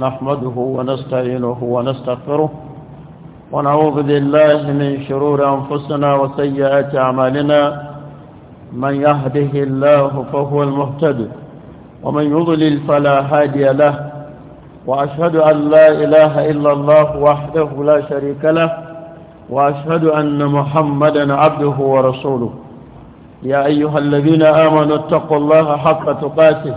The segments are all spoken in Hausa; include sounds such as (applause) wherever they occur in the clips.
نحمده ونستعينه ونستغفره ونعوذ بالله من شرور أنفسنا وسيئات أعمالنا من يهده الله فهو المهتد ومن يضلل فلا هادي له وأشهد أن لا إله إلا الله وحده لا شريك له وأشهد أن محمدا عبده ورسوله يا أيها الذين آمنوا اتقوا الله حق تقاته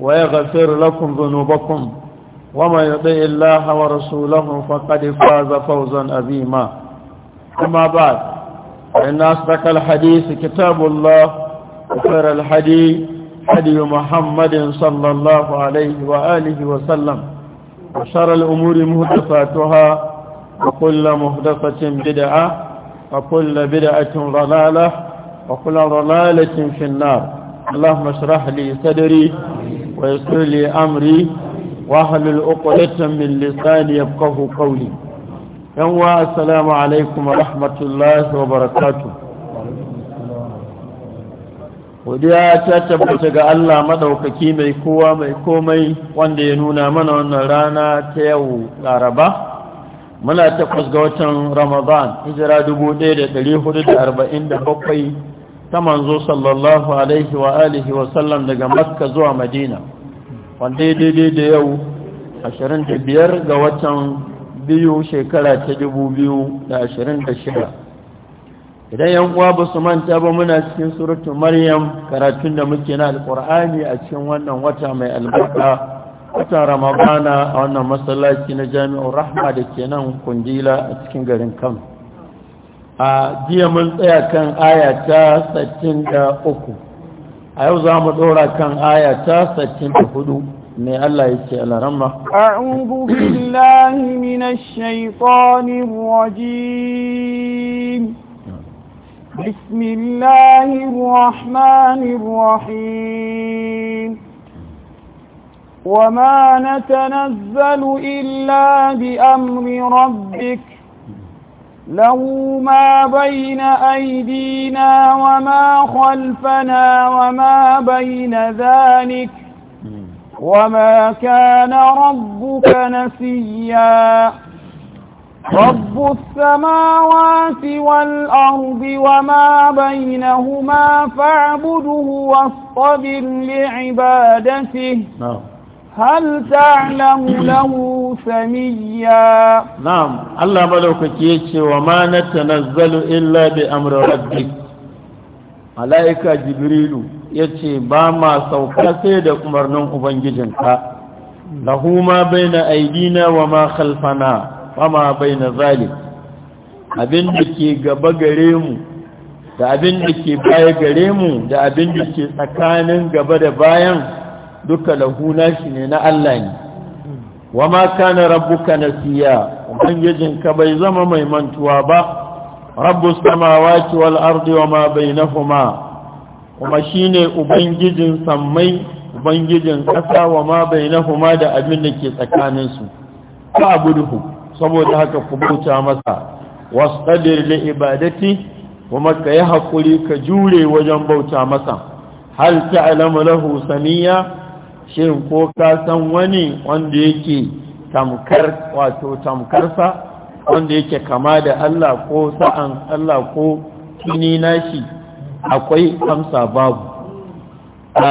ويغفر لكم ذنوبكم ومن يطع الله ورسوله فقد فاز فوزا عظيما أما بعد فإن أصدق الحديث كتاب الله وخير الحديث حدي محمد صلى الله عليه وآله وسلم وشر الأمور مهدفاتها وكل مهدفة بدعة وكل بدعة ضلالة وكل ضلالة في النار اللهم اشرح لي صدري ويسر لي أمري واحلل عقدة من لساني يفقه قولي يوم السلام عليكم ورحمة الله وبركاته godiya ta tabbata ga Allah maɗaukaki mai kowa mai komai wanda ya nuna mana wannan rana ta yau laraba muna takwas ga watan ramadan hijira da da da 1447 ta manzo sallallahu alaihi wa alihi wa sallam daga makka zuwa madina wanda ya daidai da yau 25 ga watan biyu shekara ta 2026 idan yan uwa ba su manta ba muna cikin suratun maryam karatun da muke na alkur'ani a cikin wannan wata mai albarka watan ramadana a wannan masallaci na jami'ar rahma da ke nan kundila a cikin garin kano a jiya mun tsaya kan aya ta 63 a yau za mu dora kan aya ta 64 ne Allah yake alarama a'udhu billahi minash shaitanir rajim بسم الله الرحمن الرحيم natanazzalu illa bi amri rabbika له ما بين أيدينا وما خلفنا وما بين ذلك وما كان ربك نسيا رب السماوات والأرض وما بينهما فاعبده واصطبر لعبادته نعم hal ta'lamu lahu samiyya na'am Allah madaukaki yace wa ma natanazzalu illa bi amri rabbik malaika jibrilu yace ba ma sauka sai da umarnin ubangijinka lahu ma baina aidina wa ma khalfana wa ma baina zalik abin da ke gaba gare mu da abin da ke baya gare mu da abin da ke tsakanin gaba da bayan duka lahuna nashi ne na Allah ne wa ma kana rabbuka nasiya ka bai zama mai mantuwa ba rabbus samawati wal ardi wa ma bainahuma kuma shine ubangijin sammai ubangijin kasa wa ma bainahuma da abin da ke tsakanin su ka abuduhu saboda haka ku bauta masa wasqadir li ibadati kuma ka yi hakuri ka jure wajen bauta masa hal ta'lamu lahu samiya shin ko ka san wani wanda yake tamkar wato tamkarsa wanda yake kama da Allah ko sa'an Allah ko tuni nashi akwai amsa babu a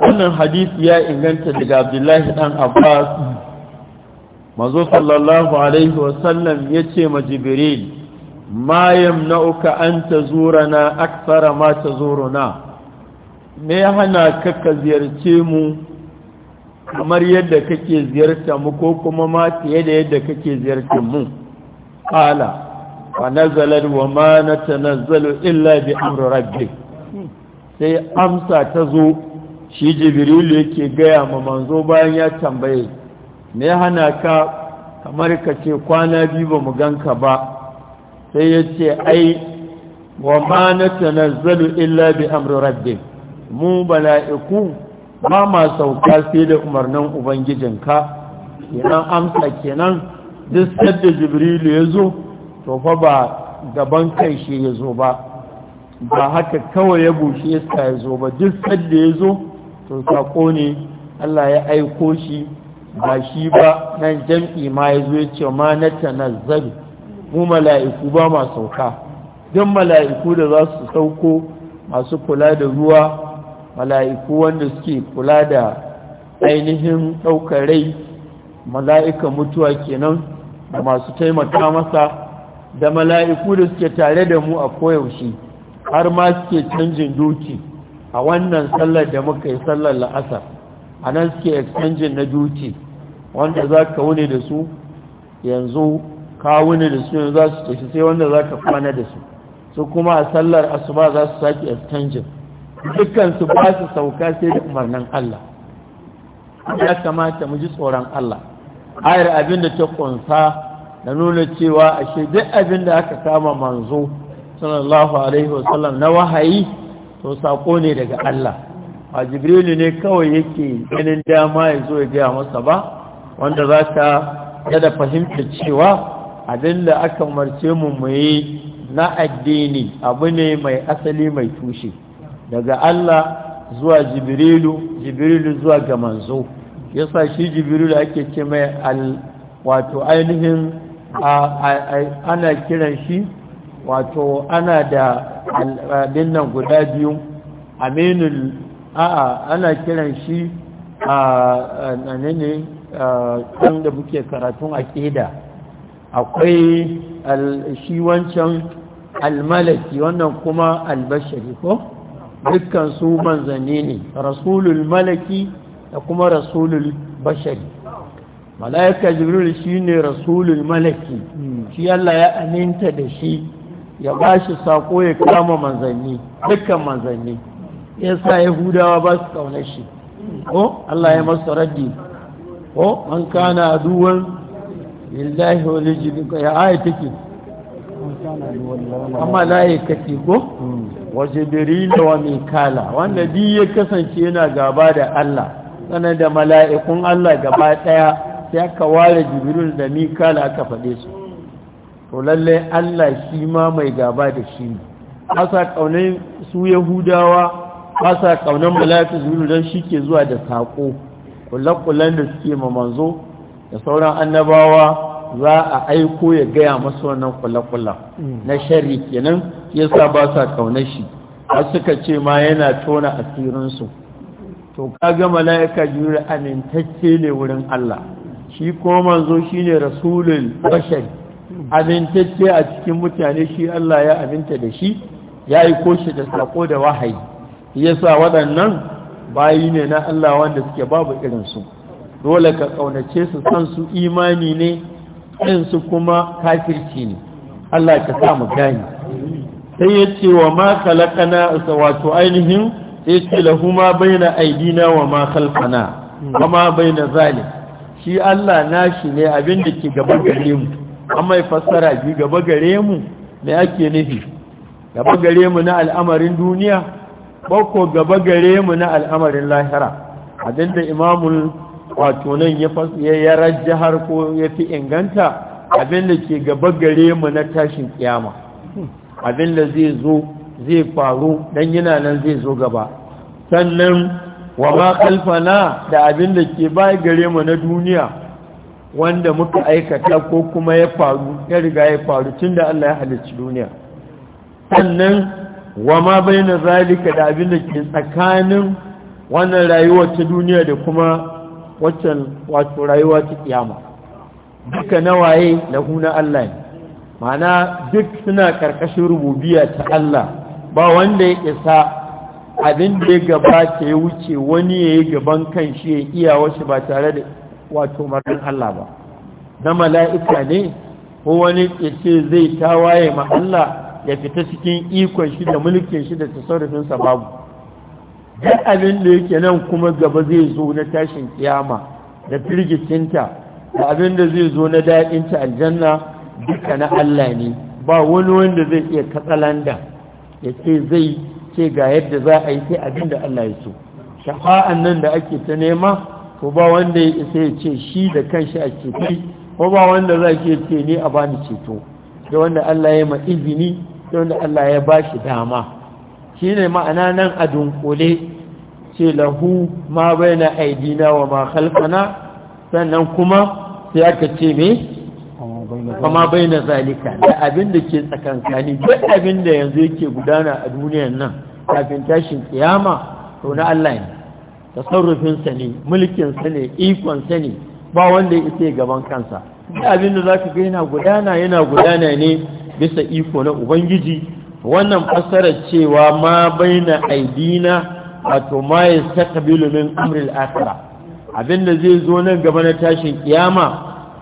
wannan hadisi ya inganta daga Abdullahi dan Abbas mazo sallallahu alaihi wasallam yace ma Jibril ma yamna'uka an tazurana akthara ma tazuruna me hana ka ziyarce mu kamar yadda kake ziyarta mu ko kuma ma fiye da yadda kake ziyartar mu qala wa nazalat wa ma natanazzalu illa bi amri rabbi sai amsa ta zo shi jibrilu yake gaya ma manzo bayan ya tambaye me hana ka kamar ka ce kwana biyu ba mu ganka ba sai ya ce ai wa ma natanazzalu illa bi amri rabbi mu bala'iku ba ma sauka sai da umarnin ubangijinka kenan amsa kenan duk sadda jibrilu ya zo to fa ba gaban kai shi ya zo ba ba haka kawai ya bushe iska ya zo ba duk sanda ya zo to sako ne Allah ya aiko shi ba shi ba nan jam'i ma ya zo ya ce ma na tanazzabi mu mala'iku ba ma sauka don mala'iku da za su sauko masu kula da ruwa mala'iku wanda suke kula da ainihin ɗaukar rai mala'ika mutuwa kenan da masu taimaka masa da mala'iku da suke tare da mu a koyaushe har ma suke canjin duki a wannan sallar da muka yi sallar la'asa a nan suke exchanging na duki wanda za ka wuni da su yanzu ka wuni da su yanzu za su tafi sai wanda za ka kwana da su su kuma a sallar asuba za su sake exchanging dukansu ba su sauka sai da umarnin Allah ya kamata mu ji tsoron Allah ayar abinda ta kunsa da nuna cewa ashe duk abinda aka kama manzo sallallahu alaihi wasallam na wahayi to sako ne daga Allah ba jibrilu ne kawai yake ganin dama ya zo ya gaya masa ba wanda za ta yada fahimta cewa abinda aka marce mu mu yi na addini abu ne mai asali mai tushe daga Allah zuwa jibrilu jibrilu zuwa ga manzo yasa shi jibrilu ake ce mai al wato ainihin ana kiran shi wato ana da abin nan guda biyu aminul a'a ana kiran shi a ne kan da muke karatun aƙida akwai al... shi wancan almalaki wannan kuma albashari ko dukkan su manzanni ne rasulul malaki da kuma rasulul bashari malaika jibril shine rasulul malaki shi Allah ya aminta da shi ya bashi sako ya kama manzanni dukkan manzanni yasa yahudawa ba su kauna shi ko Allah ya masa raddi ko an kana aduwan lillahi wa lijidika ya take amma la ko wa jibril wa mikala wanda duk ya kasance yana gaba da Allah tsanar da mala'ikun Allah gaba ɗaya sai aka ware jibril da mikala aka faɗe su to lalle Allah shi ma mai gaba da shi ne asa kaunan su yahudawa asa kaunan mala'ikun jibril don shi ke zuwa da saƙo kullakullan da suke ma manzo da sauran annabawa za a aiko ya gaya masu wannan kula-kula mm. na shari kenan sa ba sa kaunar shi A suka ce ma yana tona asirinsu to kaga mala'ika jibril amintacce ne wurin Allah shi kuma manzo shine rasulun bashar amintacce a cikin mutane shi Allah ya aminta da shi ya aiko shi da sako da wahayi Ya sa waɗannan bayi ne na Allah wanda suke babu irinsu dole ka ƙaunace su san su imani ne ɗinsu kuma kafirci ne Allah ka sa mu gani sai ya ce wa ma kalakana wato ainihin sai ce lahuma baina aidina wa ma khalqana kuma baina zalim shi Allah nashi ne abin da ke gaba gare mu amma ya fassara ji gaba gare mu me ake nufi gaba gare mu na al'amarin duniya ko gaba gare mu na al'amarin lahira abinda imamul wato nan ya har ko ya fi inganta abin da ke gaba gare mu na tashin kiyama abin da zai zo zai faru dan yana nan zai zo gaba sannan wa ma kalfana da abin da ke baya gare mu na duniya wanda muka aikata ko kuma ya faru ya riga ya faru tun da Allah ya halicci duniya sannan wa ma bai zalika da abin da ke tsakanin wannan rayuwar ta duniya da kuma waccan wato rayuwa ta kiyama duka nawaye lahu na Allah ne ma'ana duk suna karkashin rububiyya ta Allah ba wanda ya isa abin da ya gabata ya wuce wani ya yi gaban kan shi ya iya wasu ba tare da wato marin Allah ba na mala'ika ne ko wani ya ce zai tawaye ma Allah ya fita cikin ikon shi da mulkin shi da tasarrufinsa babu duk abin da yake nan kuma gaba zai zo na tashin kiyama da firgicinta da abin da zai zo na daɗinta aljanna duka na Allah ne ba wani wanda zai iya katsalanda ya ce zai ce ga yadda za a yi sai abin da Allah ya so shafa'an nan da ake ta nema ko ba wanda ya isa ya ce shi da kanshi a ceto ko ba wanda za ke ce ne a bani ceto da wanda Allah ya ma izini da wanda Allah ya ba shi dama shi ne ma'ana nan a dunkule ce lahu ma bai na aidina wa ma halfana sannan kuma sai aka ce me kama bai na zalika da abin da ke tsakankani duk abin da yanzu yake gudana a duniyan nan kafin tashin kiyama to na Allah ne tasarrufinsa ne mulkinsa ne ikonsa ne ba wanda ya isa gaban kansa abin da za ka ga yana gudana yana gudana ne bisa iko na ubangiji wannan fasarar cewa ma baina aidina wato ma yastaqbilu min amri al-akhirah abinda zai zo nan gaba na tashin kiyama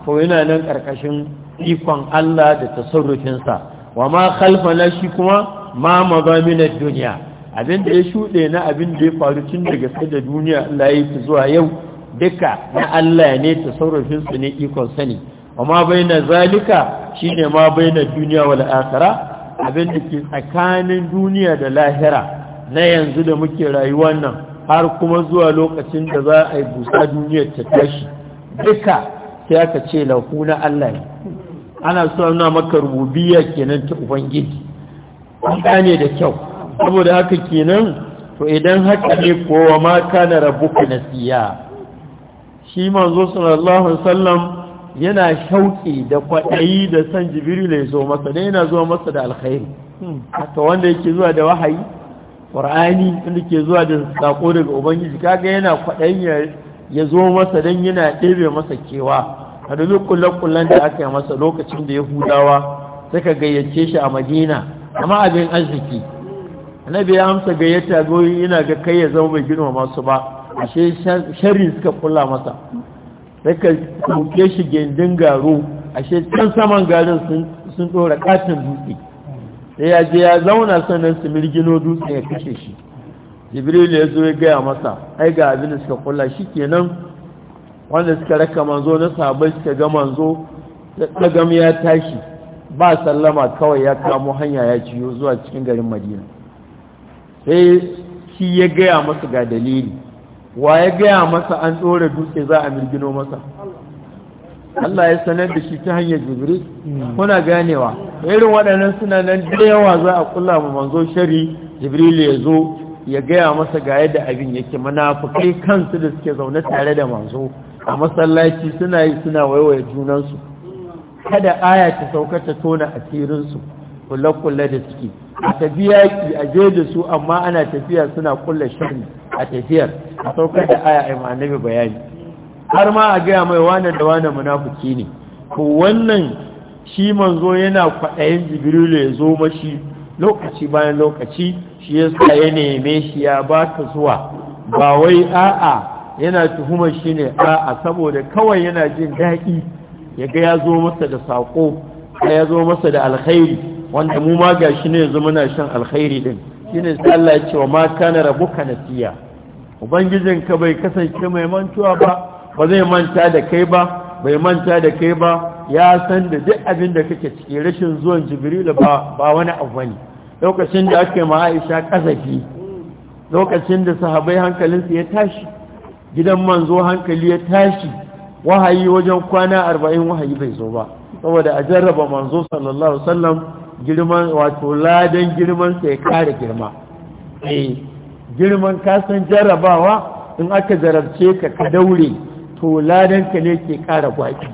to yana nan karkashin ikon Allah da tasarrufin sa wa ma khalfana shi kuma ma mazamin ad-dunya abinda ya shuɗe na abinda ya faru tun daga da duniya Allah ya yi zuwa yau duka na Allah ne tasarrufin sa ne ikon sa ne wa ma baina zalika shine ma baina duniya wal akhirah abin da ke tsakanin duniya da lahira na yanzu da muke rayuwa nan har kuma zuwa lokacin da za a yi busa duniyar ta tashi duka sai aka ce lahu na Allah ne ana so na maka rububiyya kenan ta ubangiji an gane da kyau saboda haka kenan to idan haka ne kowa ma kana rabbuka nasiya shi manzo sallallahu alaihi wasallam yana shauƙi da kwaɗayi da san jibril ya zo masa ne yana zuwa masa da alkhairi haka wanda yake zuwa da wahayi qur'ani wanda ke zuwa da sako daga ubangiji kaga yana kwaɗayin ya zo masa dan yana ɗebe masa kewa a duk kullen da aka yi masa lokacin da ya yahudawa suka gayyace shi a madina amma abin arziki annabi ya amsa gayyata goyi yana ga kai ya zama bai girma masu ba ashe sharri suka kula masa suka ɗauke shi gindin garo a can saman garin sun ɗora katin dutse sai ya je ya zauna sannan su mirgino dutse ya kashe shi jibril ya zo ya gaya masa ai ga abin da suka kula shi kenan wanda suka raka manzo na sabai suka ga manzo ɗagam ya tashi ba sallama kawai ya kamo hanya ya ciyo zuwa cikin garin madina sai shi ya gaya masa, ga dalili wa ya gaya masa an tsore dutse za a mirgino masa Allah ya sanar da shi ta hanyar jibril kuna ganewa irin waɗannan suna nan da yawa za a kula ma manzo shari jibril ya zo ya gaya masa ga yadda abin yake munafukai kansu da suke zaune tare da manzo a masallaci suna yi suna waiwaye junansu kada aya ta sauka ta tona asirinsu kulle-kulle da suke a tafiya ki a je da su amma ana tafiya suna kulle shari a tafiyar a saukar da aya a annabi bayani har ma a gaya mai wane da wane munafuki ne ko wannan shi manzo yana kwaɗayin jibrilu ya zo mashi lokaci bayan lokaci shi ya sa ya neme shi ya ba ka zuwa ba wai a'a yana tuhumar shi ne a'a saboda kawai yana jin daɗi ya ga ya zo masa da saƙo ya zo masa da alkhairi wanda mu ma gashi ne yanzu muna shan alkhairi din shine sai Allah ya ce wa ma kana rabbuka nasiya ka bai kasance mai mantuwa ba ba zai manta da kai ba bai manta da kai ba ya san da duk abin da kake ciki rashin zuwan jibril ba ba wani abu bane lokacin da ake ma Aisha kasafi lokacin da sahabbai hankalinsu ya tashi gidan manzo hankali ya tashi wahayi wajen kwana arba'in wahayi bai zo ba saboda a jarraba manzo sallallahu alaihi wasallam girman wato ladan girman sai kare girma eh girman kasan jarabawa in aka jarabce ka ka daure to ladan ka ne ke kara gwaki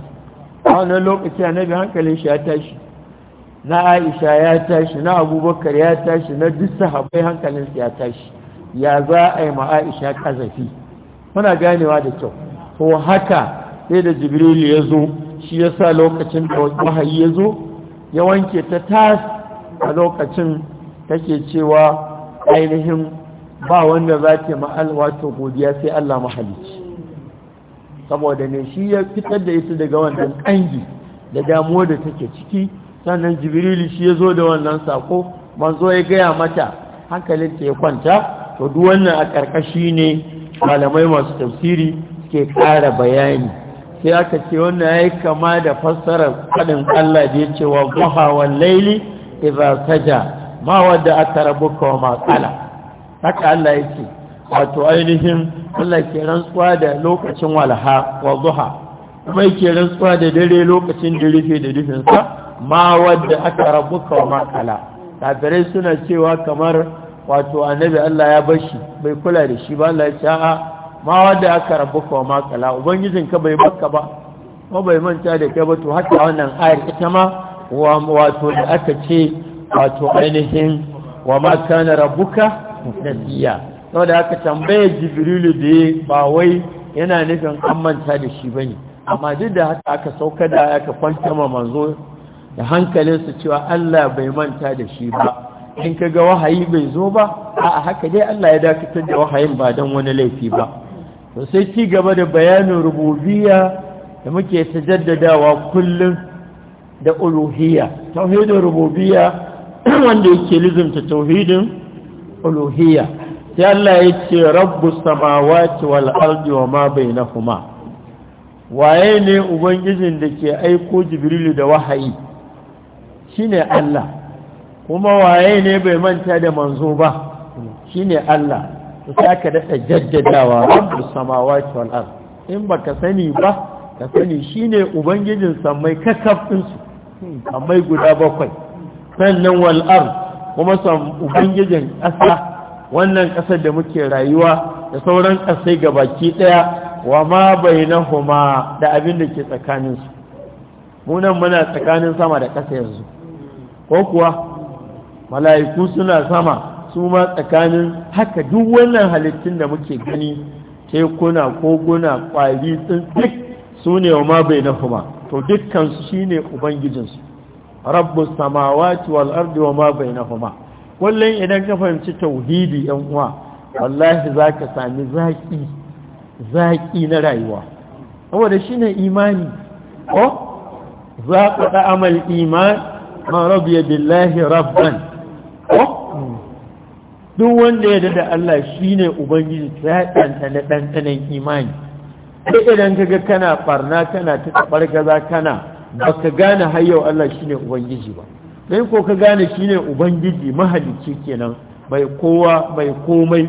a wannan lokaci annabi hankalin shi ya tashi na Aisha ya tashi na Abubakar ya tashi na duk sahabbai hankalin su ya tashi ya za a yi ma Aisha kazafi muna ganewa da kyau to haka sai da Jibril ya zo shi yasa lokacin da wahayi ya zo ya wanke ta tas a lokacin take cewa ainihin ba wanda za ta ma'al wato godiya sai Allah mahalici saboda ne shi ya fitar da ita daga wannan ƙangi da damuwa da take ciki sannan jibrilu shi ya zo da wannan sako manzo ya gaya mata hankalin ta ya kwanta to duk wannan a ƙarƙashi ne malamai masu tafsiri suke ƙara bayani sai aka ce wannan ya yi kama da fassarar faɗin Allah da ya ce wa zuha wa laili idza saja ma wadda aka rabuka wa matsala haka Allah ya ce wato ainihin Allah ke rantsuwa da lokacin walha wa zuha kuma yake rantsuwa da dare lokacin da rufe da dufinsa ma wadda aka rabuka wa matsala kafirai suna cewa kamar wato annabi Allah ya bar shi bai kula da shi ba Allah ya ce a'a ma wanda aka rabu ko ma kala ubangijin ka bai baka ba ko bai manta da kai ba to haka wannan ayar ita ma wato da aka ce wato ainihin wa ma kana rabbuka nasiya saboda aka tambaye jibrilu da ba wai yana nufin an manta da shi bane amma duk da haka aka sauka da aka kwanta ma manzo da hankalinsu cewa Allah bai manta da shi ba in ka ga wahayi bai zo ba a haka dai Allah ya dakatar da wahayin ba don wani laifi ba to sai ci gaba da bayanin rububiyya da muke ta jaddadawa kullum da uluhiyya tauhidin rububiyya (clears throat) wanda yake lizimta tauhidin uluhiyya sai Allah ya ce rabbu samawati wal ardi wa ma bainahuma waye ne ubangijin da ke aiko jibrilu da wahayi shine Allah kuma waye ne bai manta da manzo ba shine Allah sai aka dasa jaddadawa rabbus samawati wal ard in ba ka sani ba ka sani shine ubangijin samai kakaf din su hmm, guda bakwai sannan wal ard kuma sam ubangijin ƙasa wannan ƙasar da muke rayuwa da sauran ƙasai ga baki ɗaya wa ma bainahuma da abin da ke tsakaninsu. su mu nan muna tsakanin sama da ƙasa yanzu ko kuwa mala'iku suna sama su ma tsakanin haka duk wannan halittun da muke gani tekuna koguna kwari duk su ne wa ma bai nahuma to su shi ne ubangijinsu Rabbu samawati wal ardi wa ma bai nahuma kullum idan ka fahimci tauhidi yan uwa wallahi za ka sami zaƙi zaƙi na rayuwa saboda shi ne imani ko za ka amal iman ma rabiya billahi rabban ko duk wanda ya da Allah shi ne ubangiji ta ya ɗantana imani sai idan ka ga kana ɓarna kana ta taɓar gaza kana ba ka gane har Allah shi ne ubangiji ba Sai ko ka gane shi ne ubangiji mahalicci kenan mai kowa mai komai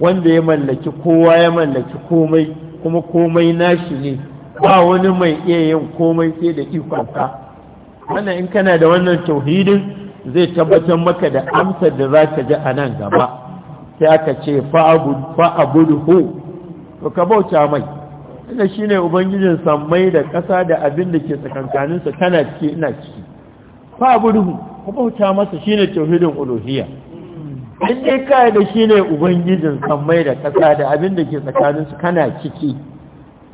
wanda ya mallaki kowa ya mallaki komai kuma komai nashi ne ba wani mai iya yin komai sai da ikonka wannan in kana da wannan tauhidin zai tabbatar maka da amsar da za ka ji a nan gaba sai aka ce hu to ka bauta mai ina shi ne ubangijin sammai da ƙasa da abin da ke tsakankaninsa kana ciki ina ciki hu ka bauta masa shi ne tauhidin uluhiyya in dai yi da shi ne ubangijin sammai da ƙasa da abin da ke tsakaninsu kana ciki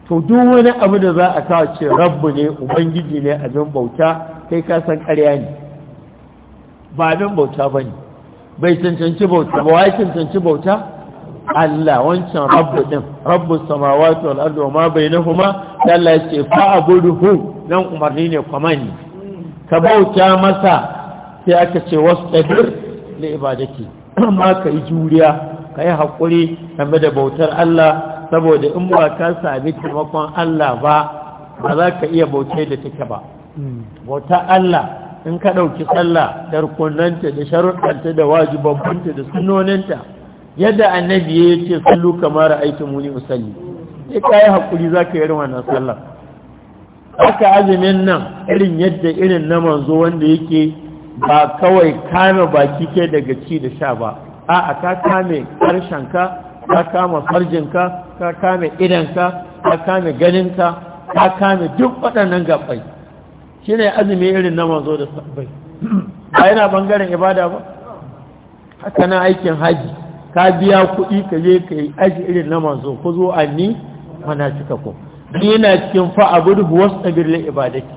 to duk wani abu da za a kawo ce rabbu ne ubangiji ne abin bauta kai ka san ƙarya ne ba abin bauta ba ne bai cancanci bauta ba wai cancanci bauta Allah wancan rabbu din rabbu samawati ma bai wama bainahuma Allah ya ce hu! nan umarni ne ne. ka bauta masa sai aka ce ɗabir li ibadaki amma ka yi juriya ka yi haƙuri, game da bautar Allah saboda in ba ka sami taimakon Allah ba ba za ka iya bauta da take ba hmm. bautar Allah in ka ɗauki sallah da rukunanta da sharuɗanta da wajibabbanta da sunoninta yadda annabi ya ce sallu kamar aikin muni musalli sai ka yi haƙuri za ka yi irin wannan sallah haka azumin nan irin yadda irin na manzo wanda yake ba kawai kame baki ke daga ci da sha ba a'a ka kame harshenka ka kama farjinka ka kame idanka ka kame ganinka ka kame duk waɗannan gaɓai shi ne azumi irin na manzo da sabbai ba yana bangaren ibada ba haka na aikin haji ka biya kuɗi ka je ka yi aji irin na manzo ku zo an ni mana cika ku ni yana cikin fa'a huwas ɗabir la ibadaki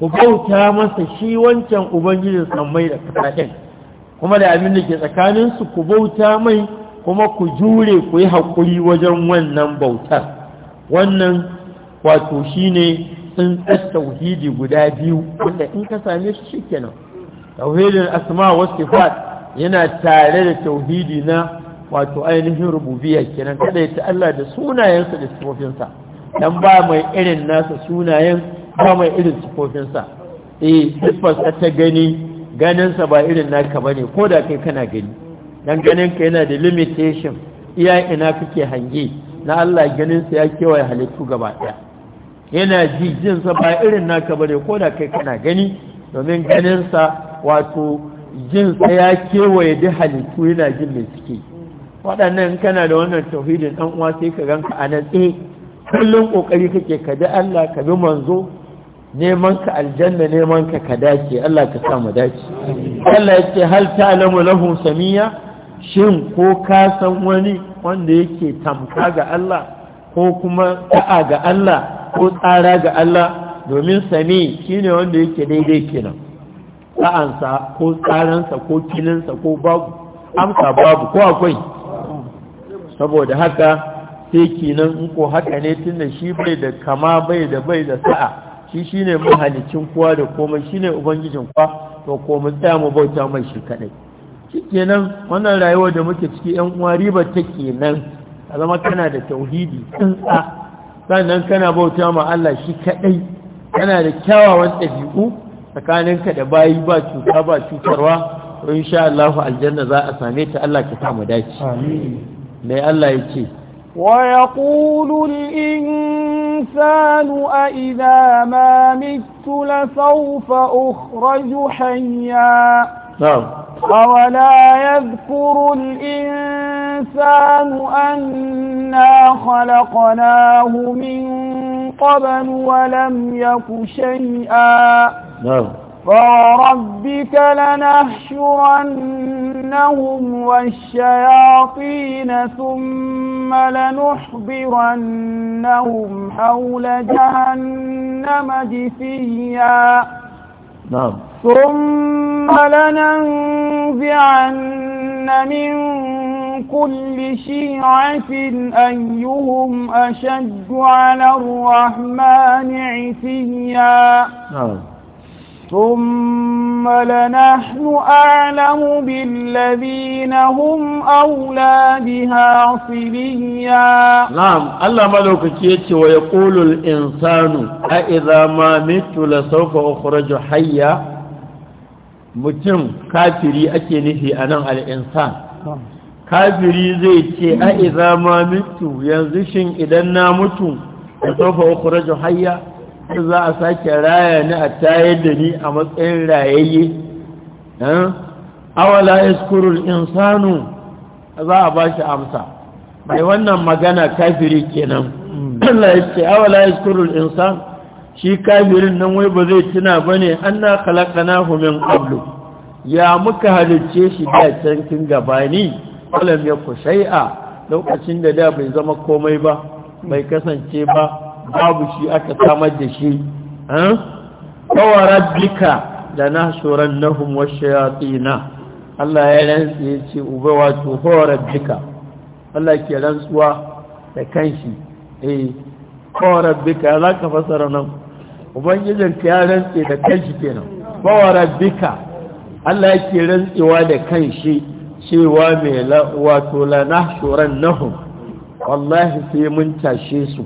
ku bauta masa shi wancan ubangijin sammai da kasashen kuma da abin da ke tsakaninsu ku bauta mai kuma ku jure ku yi haƙuri wajen wannan bautar wannan wato shi ne tsintsar tauhidi guda biyu wanda in ka same shi kenan tauhidin asma wa sifat yana tare da tauhidi na wato ainihin rububiyya kenan kada ta Allah da sunayensa da sifofinsa dan ba mai irin nasa sunayen ba mai irin sifofinsa eh sifar ta gani ganinsa ba irin naka bane ko da kai kana gani dan ka yana da limitation iya ina kake hange na Allah ganinsa ya kewaye halittu gaba ɗaya yana ji jinsa ba irin naka bane ko da kai kana gani domin ganinsa wato jinsa ya kewaye da halittu yana jin mai suke waɗannan kana da wannan tauhidin ɗan uwa sai ka ganka a nan tsaye kullum ƙoƙari kake ka bi Allah ka bi manzo neman ka aljanna neman ka ka dace Allah ka sa mu dace Allah yake hal ta'lamu lahu samiya shin ko ka san wani wanda yake tamka ga Allah ko kuma ta'a ga Allah ko tsara ga Allah domin sami shine wanda yake daidai kenan ta'ansa ko tsaransa ko kilinsa ko babu amsa babu ko akwai saboda haka sai kenan in ko haka ne tun da shi bai da kama bai da bai da sa'a shi shine mahalicin kowa da komai shine ubangijin kuwa to ko mu tsaya mu bauta mai shi kadai kenan wannan rayuwar da muke ciki yan uwa riba take nan a zama kana da tauhidi tsantsa sannan kana bauta ma Allah shi kadai kana da kyawawan ɗabi'u tsakaninka da bayi ba cuta ba cutarwa in sha Allah aljanna za a same ta Allah ka samu dace mai Allah ya ce wa yaqulu al-insanu a idha ma mitu la sawfa ukhraju hayya na'am أولا يذكر الإنسان أنا خلقناه من قبل ولم يك شيئا نعم فوربك لنحشرنهم والشياطين ثم لنحضرنهم حول جهنم جثيا نعم ثم لننزعن من كل شيعة أيهم أشد على الرحمن عتيا ثم لنحن أعلم بالذين هم أولى بها صليا نعم الله ملوك كيتش ويقول الإنسان أإذا ما مت لسوف أخرج حيا mutum kafiri ake nufi a nan al'insan kafiri zai ce a iza ma mutu yanzu shin idan na mutu da sofa ukurajin hayya za a sake raya ni a tayar da ni a matsayin rayayye awala iskurul insanu za a ba shi amsa mai wannan magana kafiri kenan mm. Allah ya ce awala iskurul insanu shi kafirin nan wai ba zai tuna ba ne an na na homin qablu ya muka halicce shi da cankin gabani ƙwalam ya ku a. lokacin da da bai zama komai ba bai kasance ba babu shi aka samar da shi kawarar bika da na shoran na humwar shayatina Allah ya rantsu ya ce uba wato kawarar bika Allah ke rantsuwa da kanshi eh kawarar bika za ka fasara nan ubangijin ya rantse da kanshi kenan bawa rabbika Allah yake rantsewa da kanshi cewa mai wato lana shuran nahum wallahi sai mun tashe su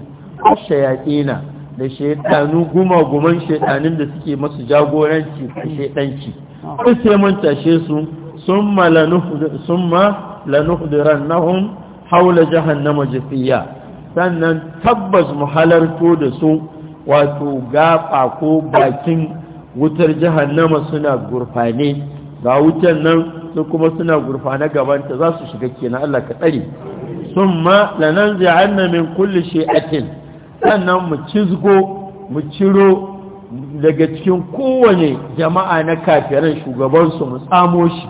shayatina da shaitanu guma-guman shaitanin da suke masu jagoranci da shaitanci sai mun tashe su sun ma lanuhudiran nahun haula jahannama jafiya sannan tabbas mu halarto da su wato gafa ko bakin wutar jahannama suna gurfane ga wutan nan su kuma suna gurfane gabanta za su shiga kenan Allah ka tsare sun ma lanan zai min kulle shi'atin sannan mu cizgo mu ciro daga cikin kowane jama'a na kafiran shugabansu mu tsamo shi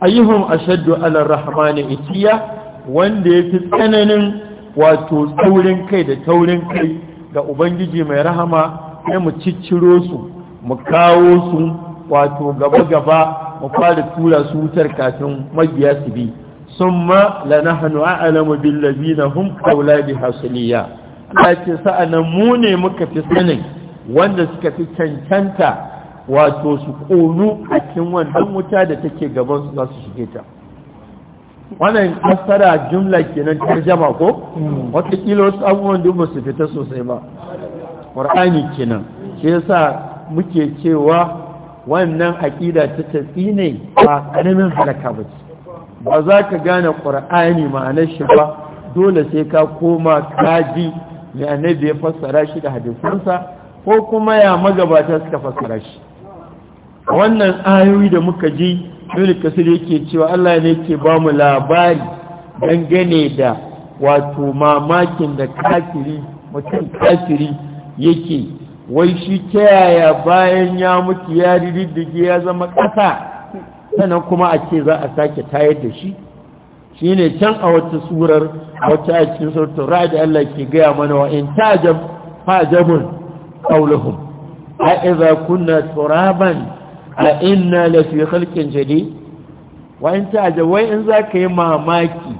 ayyuhum ashaddu ala rahmani itiya wanda yafi tsananin wato taurin kai da taurin kai ga ubangiji mai rahama sai mu cicciro su mu kawo su wato gaba-gaba mu fara tura su wutar kafin magiya su bi sun ma lanahanu a'alamu billabi na hun kaula bi hasuliya ta ce sa'anan mu ne muka fi sanin wanda suka fi cancanta wato su konu a cikin wannan wuta da take gaban su za su shige ta wannan fassara jumla kenan tarjama ko hmm. watakila wasu abubuwan duk su fita sosai ba ƙwar'ani kenan shi yasa muke cewa wannan aƙida ta tafi ne ba ƙaramin halaka ba ce ba za ka gane ƙwar'ani ma'anar shi ba dole sai ka koma kaji mai annabi ya fassara shi da hadisansa ko kuma ya magabata suka fassara shi wannan ayoyi da muka ji ibn kasir yake cewa Allah ne ke ba mu labari dangane da wato mamakin da kafiri mutum kafiri yake wai shi ta yaya bayan ya mutu ya riddige ya zama ƙasa sannan kuma a ce za a sake tayar da shi shi ne can a wata surar wata a cikin sautin ra'adi Allah ke gaya mana wa in tajab fajabun ƙauluhum a iza kunna turaban a inna lafi halkin jade wa'in ta wai in za ka yi mamaki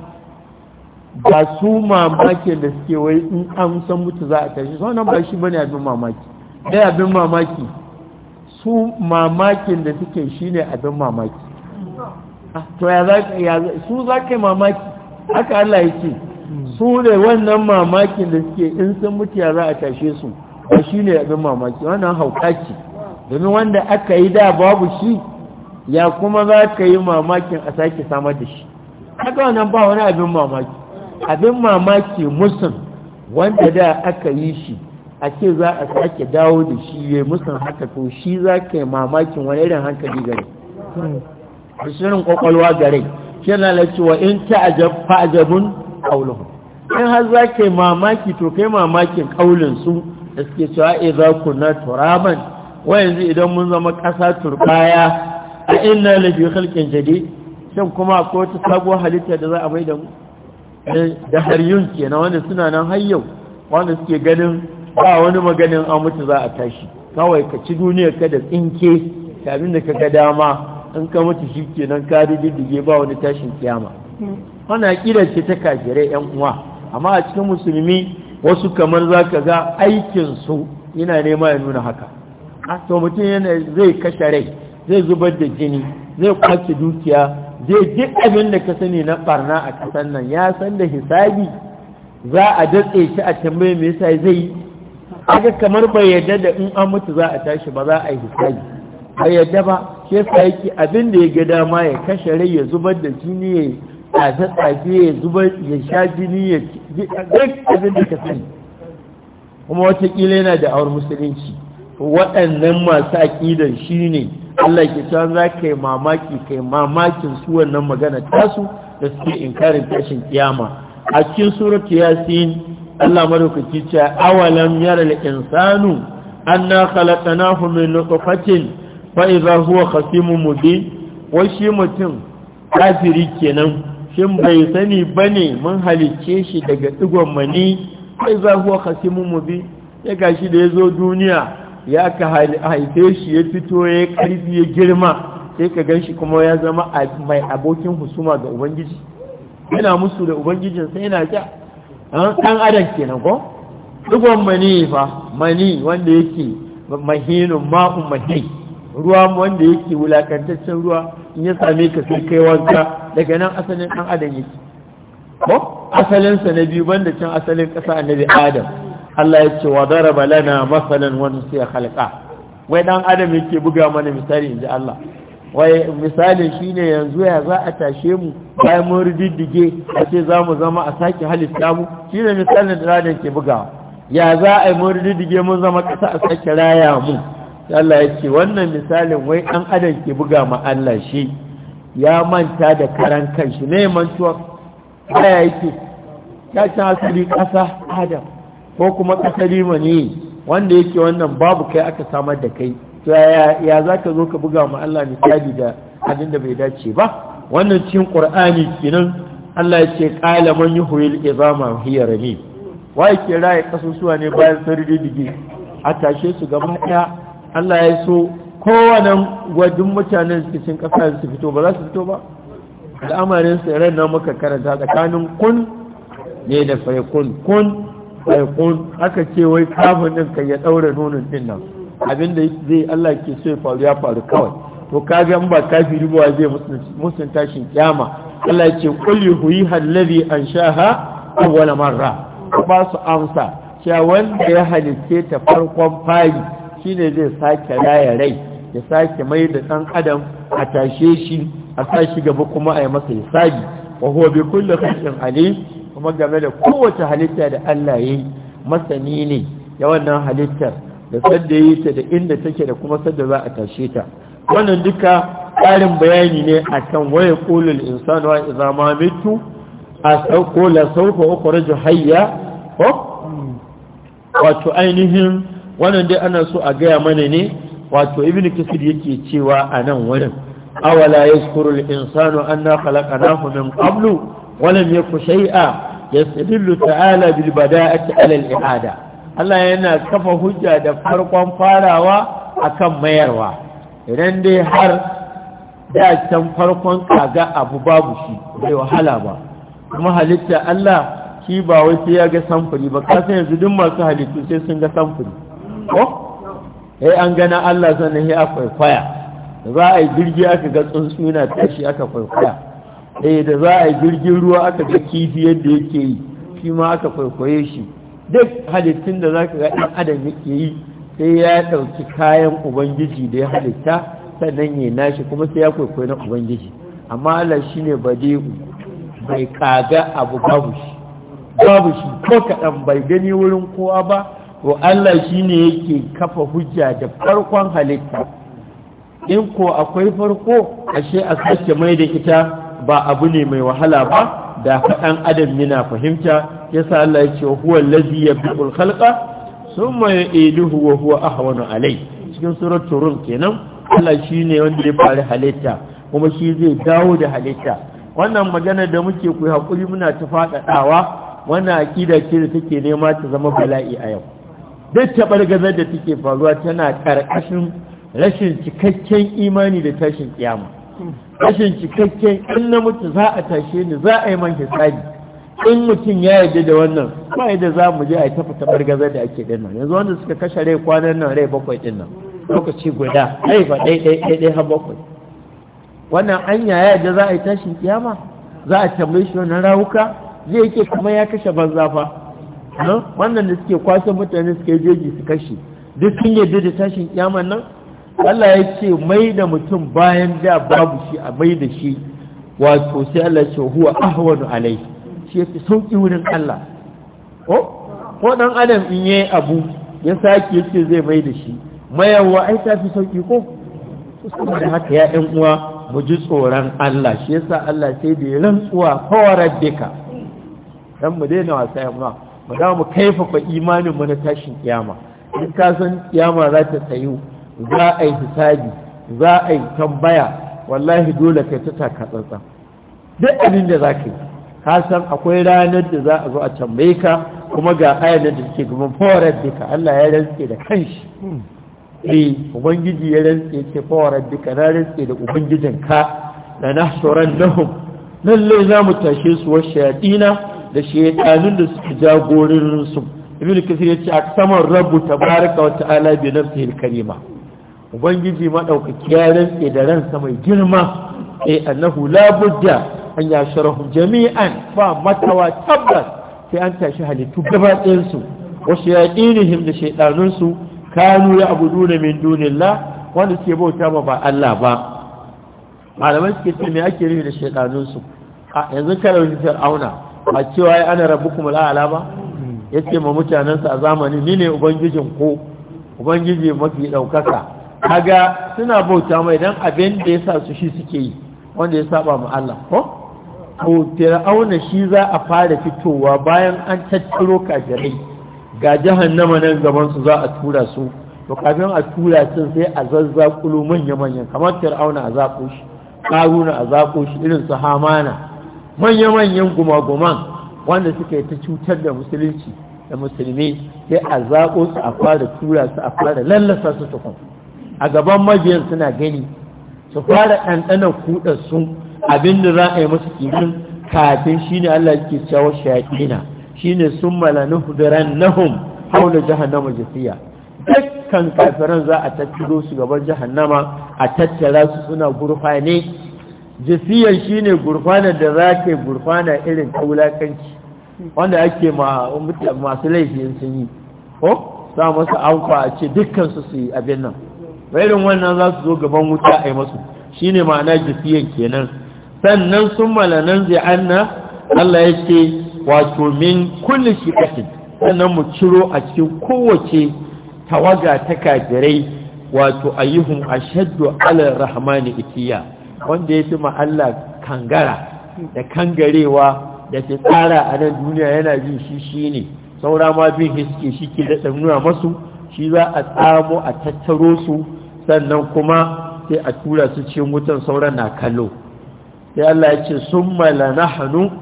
ba su mamaki da suke wai in an san mutu za a tashi sau nan ba shi bane abin mamaki dai abin mamaki su mamakin da suke shi ne abin mamaki ah, to ya su za ka yi mamaki haka Allah ya ce su ne wannan mamakin da suke in san mutu ya za a tashe su ba shi ne abin mamaki wannan hauka ce domin wanda aka yi da babu shi ya kuma za ka yi mamakin a sake samar da shi haka wannan ba wani abin mamaki abin mamaki musun wanda da aka yi shi a ce za a sake dawo da shi ya musun haka to shi za ka yi mamakin wani irin hankali gare shirin kwakwalwa gare shi na lalace wa in ta ajabun kaulun in har za ka yi mamaki to kai mamakin kaulun su da suke cewa ku na turaban wa yanzu idan mun zama ƙasa turbaya a inna lafi halkin jade shan kuma ko ta sabuwar halitta da za a bai da mu eh, da har yun ke na wanda suna nan har yau wanda suke ganin ba wani maganin an mutu za a tashi kawai ka ci duniya ka da tsinke abin da ka ga dama in ka mutu shi kenan nan ka diddige ba wani tashin kiyama wannan aƙidar ce ta kafirai yan uwa amma a cikin musulmi wasu kamar za ka ga aikinsu yana nema ya nuna haka to mutum yana zai kashe rai zai zubar da jini zai kwace dukiya zai ji abin da ka sani na barna a ƙasar nan ya san da hisabi za a datse shi a tambaye me yasa zai aka kamar bai yarda da in an mutu za a tashi ba za a yi hisabi bai yarda ba shi yasa yake abin da ya ga dama ya kashe rai ya zubar da jini ya a tsafe ya zubar ya sha jini ya duk abin da ka sani kuma watakila yana da awar musulunci waɗannan masu aƙidan shi ne Allah ke cewa za ka yi mamaki ka yi mamakin su wannan magana tasu da suke inkarin tashin kiyama a cikin suratu yasin Allah madaukaki ce awalam yara insanu anna khalaqnahu min nutfatin fa idha huwa khasimun mubin wai shi mutum kafiri kenan shin bai sani bane mun halice shi daga digon mani fa idha huwa khasimun mubin ya gashi da yazo duniya ya ka haife shi ya fito ya karfi ya girma sai ka gan shi kuma ya zama mai abokin husuma ga ubangiji yana musu da ubangijin sai yana ja ɗan adam kenan ko dugon mani fa mani wanda yake mahinun ma'un mahin ruwa wanda yake wulakantaccen ruwa in ya same ka sai kai wanka daga nan asalin ɗan adam yake ko asalinsa na biyu banda can asalin ƙasa annabi adam Allah ya ce wa daraba lana masalan wa nasiya khalqa wai dan adam yake buga mana misali inji Allah wai misalin shine yanzu ya za a tashe mu bayan mun riddige a ce za mu zama a sake halitta mu shine misalin da adam ke buga ya za a mun riddige mun zama kasa a sake raya mu Allah ya ce wannan misalin wai dan adam ke buga ma Allah shi ya manta da karan kanshi ne mantuwa baya yake ya ta asali kasa adam ko kuma kasari ne wanda yake wannan babu kai aka samar da kai to ya za ka zo ka buga ma Allah misali da abin da bai dace ba wannan cikin qur'ani kinan Allah ya ce qala man yuhyil izama hiya rami wa ke raye kasusuwa ne bayan sarri dige a tashe su gaba ɗaya? Allah ya so kowane gwajin mutanen cikin kasa su fito ba za su fito ba al'amarin sai ran nan muka karanta tsakanin kun ne da fayakun kun fayakun aka ce wai kafin din kan ya daure nonon din nan abinda zai Allah ke so ya faru ya faru kawai to kaga in ba kafi zai musun tashin kyama Allah ya ce qul sha ha anshaha awwala marra ba su amsa cewa wanda ya halice ta farkon fari shine zai sake raya rai ya sake mai da ɗan adam a tashe shi a sa shi gaba kuma a yi masa hisabi wa huwa bi kulli khalqin alim kuma game da kowace halitta da Allah ya yi masani ne ya wannan halittar da sadda yi ta da inda take da kuma sadda za a tashe ta wannan duka ƙarin bayani ne a kan waye ƙulul insanu wa iza ma mitu a sauko la sauko ukhraju hayya wato ainihin wannan dai ana so a gaya mana ne wato ibn Kisir yake cewa a nan wurin awala yaskurul al insanu anna khalaqnahu min qablu walam yaku shay'a yastadillu ta'ala bil bada'ati ala al i'ada Allah yana kafa hujja da farkon farawa akan mayarwa idan dai har da can farkon kaga abu babu shi bai wahala ba kuma halitta Allah shi ba wai sai ya ga samfuri ba ka san yanzu duk masu halittu sai sun ga samfuri ko eh an gana Allah sannan ya kwaikwaya za a yi jirgi aka ga tsuntsu yana tashi aka kwaikwaya eh da za a yi jirgin ruwa aka ga kifi yadda yake yi shi ma aka kwaikwaye shi duk halittun da za ka ga ɗan adam yake yi sai ya ɗauki kayan ubangiji da ya halitta sannan ya nashi kuma sai ya kwaikwayi na ubangiji amma Allah shi ne ku bai kaga abu babu shi babu shi ko kaɗan bai gani wurin kowa ba ko Allah shi ne yake kafa hujja da farkon halitta in ko akwai farko ashe a sake mai da ita ba abu ne mai wahala ba da kaɗan adam yana fahimta yasa Allah ya ce huwa allazi yabdul khalqa thumma yu'iduhu wa huwa ahwanu alai cikin surat turun kenan Allah shi ne wanda ya fara halitta kuma shi zai dawo da halitta wannan magana da muke kuwa hakuri muna ta faɗaɗawa wannan aƙida ce da take nema ta zama bala'i a yau duk ɓargazar da take faruwa tana ƙarƙashin rashin cikakken imani da tashin kiyama rashin cikakken in na mutu za a tashe ni za a yi man hisabi in mutum ya yarda da wannan ba yadda za mu je a yi tafi tabar gaza da ake din nan yanzu wanda suka kashe rai kwanan nan rai bakwai din nan lokaci guda ai ba ɗai ɗai ɗai har bakwai wannan anya ya yarda za a yi tashin kiyama za a tambaye shi wannan rawuka zai yake kuma ya kashe banza fa wannan da suke kwashe mutane suke jeji su kashe duk sun yarda da tashin kiyaman nan Allah ya ce mai da mutum bayan da babu shi a mai da shi wato sai Allah ce huwa ahwanu alai shi ya fi sauki wurin Allah ko ɗan dan adam in yayi abu ya sake yace zai mai da shi mayawa ai ta fi sauki ko saboda haka ya ɗan uwa mu ji tsoron Allah shi yasa Allah sai da ya rantsuwa fawarar dika dan mu daina wasa yamma mu da mu kaifafa imanin mu na tashin kiyama in ka san kiyama za ta tsayu za a yi hisabi za a yi tambaya wallahi dole kai ta taka tsatsa. duk abin da za ka yi ka san akwai ranar da za a zo a tambaye ka kuma ga ayanar da take gaban fawarar duka Allah ya rantse da kanshi eh ubangiji ya rantse ce fawarar duka na rantse da ubangijin ka da nahsuran lahum lalle za mu tashe su wa shayatina da shaytanun da suke jagorin su Ibn kasir ya ce aksamar rabbu tabaraka wa ta'ala bi nafsihi al-karima ubangiji maɗaukaki ya rantse da ransa mai girma e annahu la budda an ya sharahu jami'an ba matawa tabbas sai an tashi halittu gaba ɗinsu wasu ya ɗinihim da shaiɗanunsu kanu ya abu da min dunillah wanda suke bauta ba ba Allah ba malamai suke ce me ake nufi da shaiɗanunsu. a yanzu kare wani fir'auna a cewa ya ana kuma la'ala ba ce ma mutanansa a zamanin ni ne ubangijin ko ubangiji mafi ɗaukaka kaga suna bauta mai dan abin da ya sa su shi suke yi wanda ya saba mu Allah ko to fir'auna shi za a fara fitowa bayan an tattaro kafirai ga jahannama nan gaban su za a tura su to kafin a tura sun sai a zazzakulo manya-manyan kamar fir'auna a zaƙo shi karuna a zaƙo shi irin su hamana manya-manyan gumaguman wanda suka yi ta cutar da musulunci da musulmi sai a zaƙo su a fara tura su a fara lallasa su tukun a gaban majiyar suna gani su fara ɗanɗanar kuɗar su abin da za a yi musu kimin kafin shi ne Allah yake cewa shaƙina shi ne sun malani hudurar nahum haula jahannama jafiya dukkan kafiran za a tattaro su gaban jahannama a tattara su suna gurfane jafiyar shi ne gurfanar da za ka yi gurfana irin ta wulakanci wanda ake masu laifin sun yi ko za masu amfa a ce dukkan su su yi abin nan bayan wannan za su zo gaban wuta a yi masu shi ne ma'ana jafiyan kenan sannan sun malanan anna Allah ya ce wato min kulle shi ƙasin sannan mu ciro a cikin kowace tawaga ta kajirai. wato ayyuhun shaddu ala rahmani itiya wanda ya fi ma'alla kangara da kangarewa da ke tsara a nan duniya yana jin shi shi ne saura ma bin hiske shi ke da nuna masu shi za a tsamo a tattaro su sannan kuma sai a tura su ce mutan sauran na kallo sai Allah ya ce summa lanahnu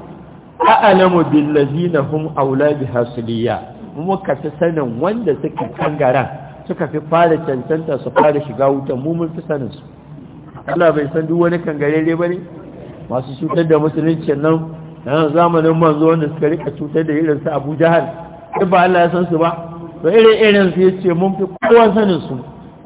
a'lamu bil ladina hum aula biha suliya muka fi sanin wanda suka kangara suka fi fara cancanta su fara shiga wutan mu mun fi sanin su Allah bai san duk wani kangarere bane masu cutar da musulunci nan yana eh, zamanin manzo wanda suka rika cutar da irin su Abu Jahal ba Allah ya san su ba to irin irin su yace mun fi kowa sanin su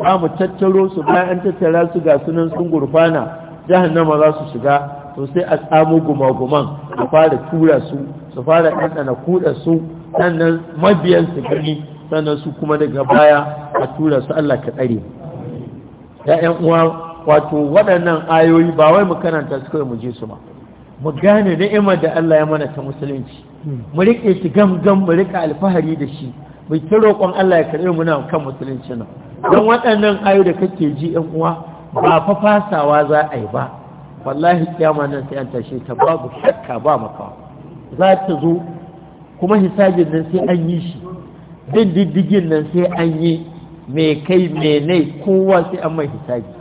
Ba mu tattaro su bayan an tattara su ga sunan sun gurfana jahannama za su shiga to sai a tsamo gumaguman a fara tura su su fara ɗanɗana kuɗa su sannan mabiyan su gani sannan su kuma daga baya a tura su Allah ka tsare ya'yan uwa wato waɗannan ayoyi ba wai mu karanta su kawai mu je su ba mu gane ni'imar da Allah ya mana ta musulunci mu riƙe shi gangan mu riƙe alfahari da shi mu roƙon Allah ya karɓe mu na kan musulunci nan don waɗannan ayu da kake ji ɗan uwa ba fa fasawa za a yi ba wallahi kiyama nan sai an tashe ta babu shakka ba makawa za ta zo kuma hisabin nan sai an yi shi bin diddigin nan sai an yi mai kai ne kowa sai an mai hisabi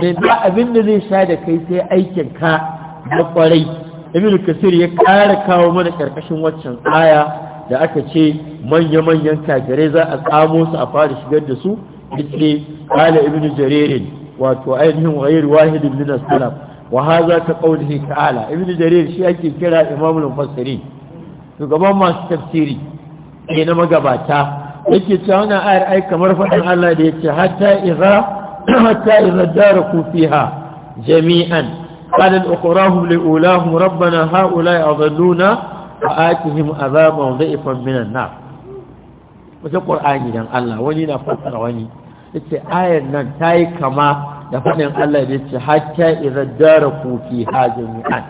me da abin da zai sha da kai sai aikin ka na kwarai ibn kasir ya kara kawo mana ƙarƙashin waccan aya da aka ce manya-manyan kafirai za a kamo su a fara shigar da su ainihin wayar ابن جرير وتؤينهم غير واحد من السلف وهذا كقوله تعالى Ibnu Jaririn shi ake kira imam al shugaban masu tafsiri ne eh, na magabata yake cewa wannan ayar ai kamar fadin Allah da yake hatta idza hatta idza daraku fiha jami'an qala al-uqrahum li ulahum rabbana haula yadhalluna fa'atihim azaban da'ifan minan nar wajen qur'ani dan Allah wani na fassara wani yace ayar nan tayi kama da fadin Allah da yace hatta idza daraku fi hajimi'an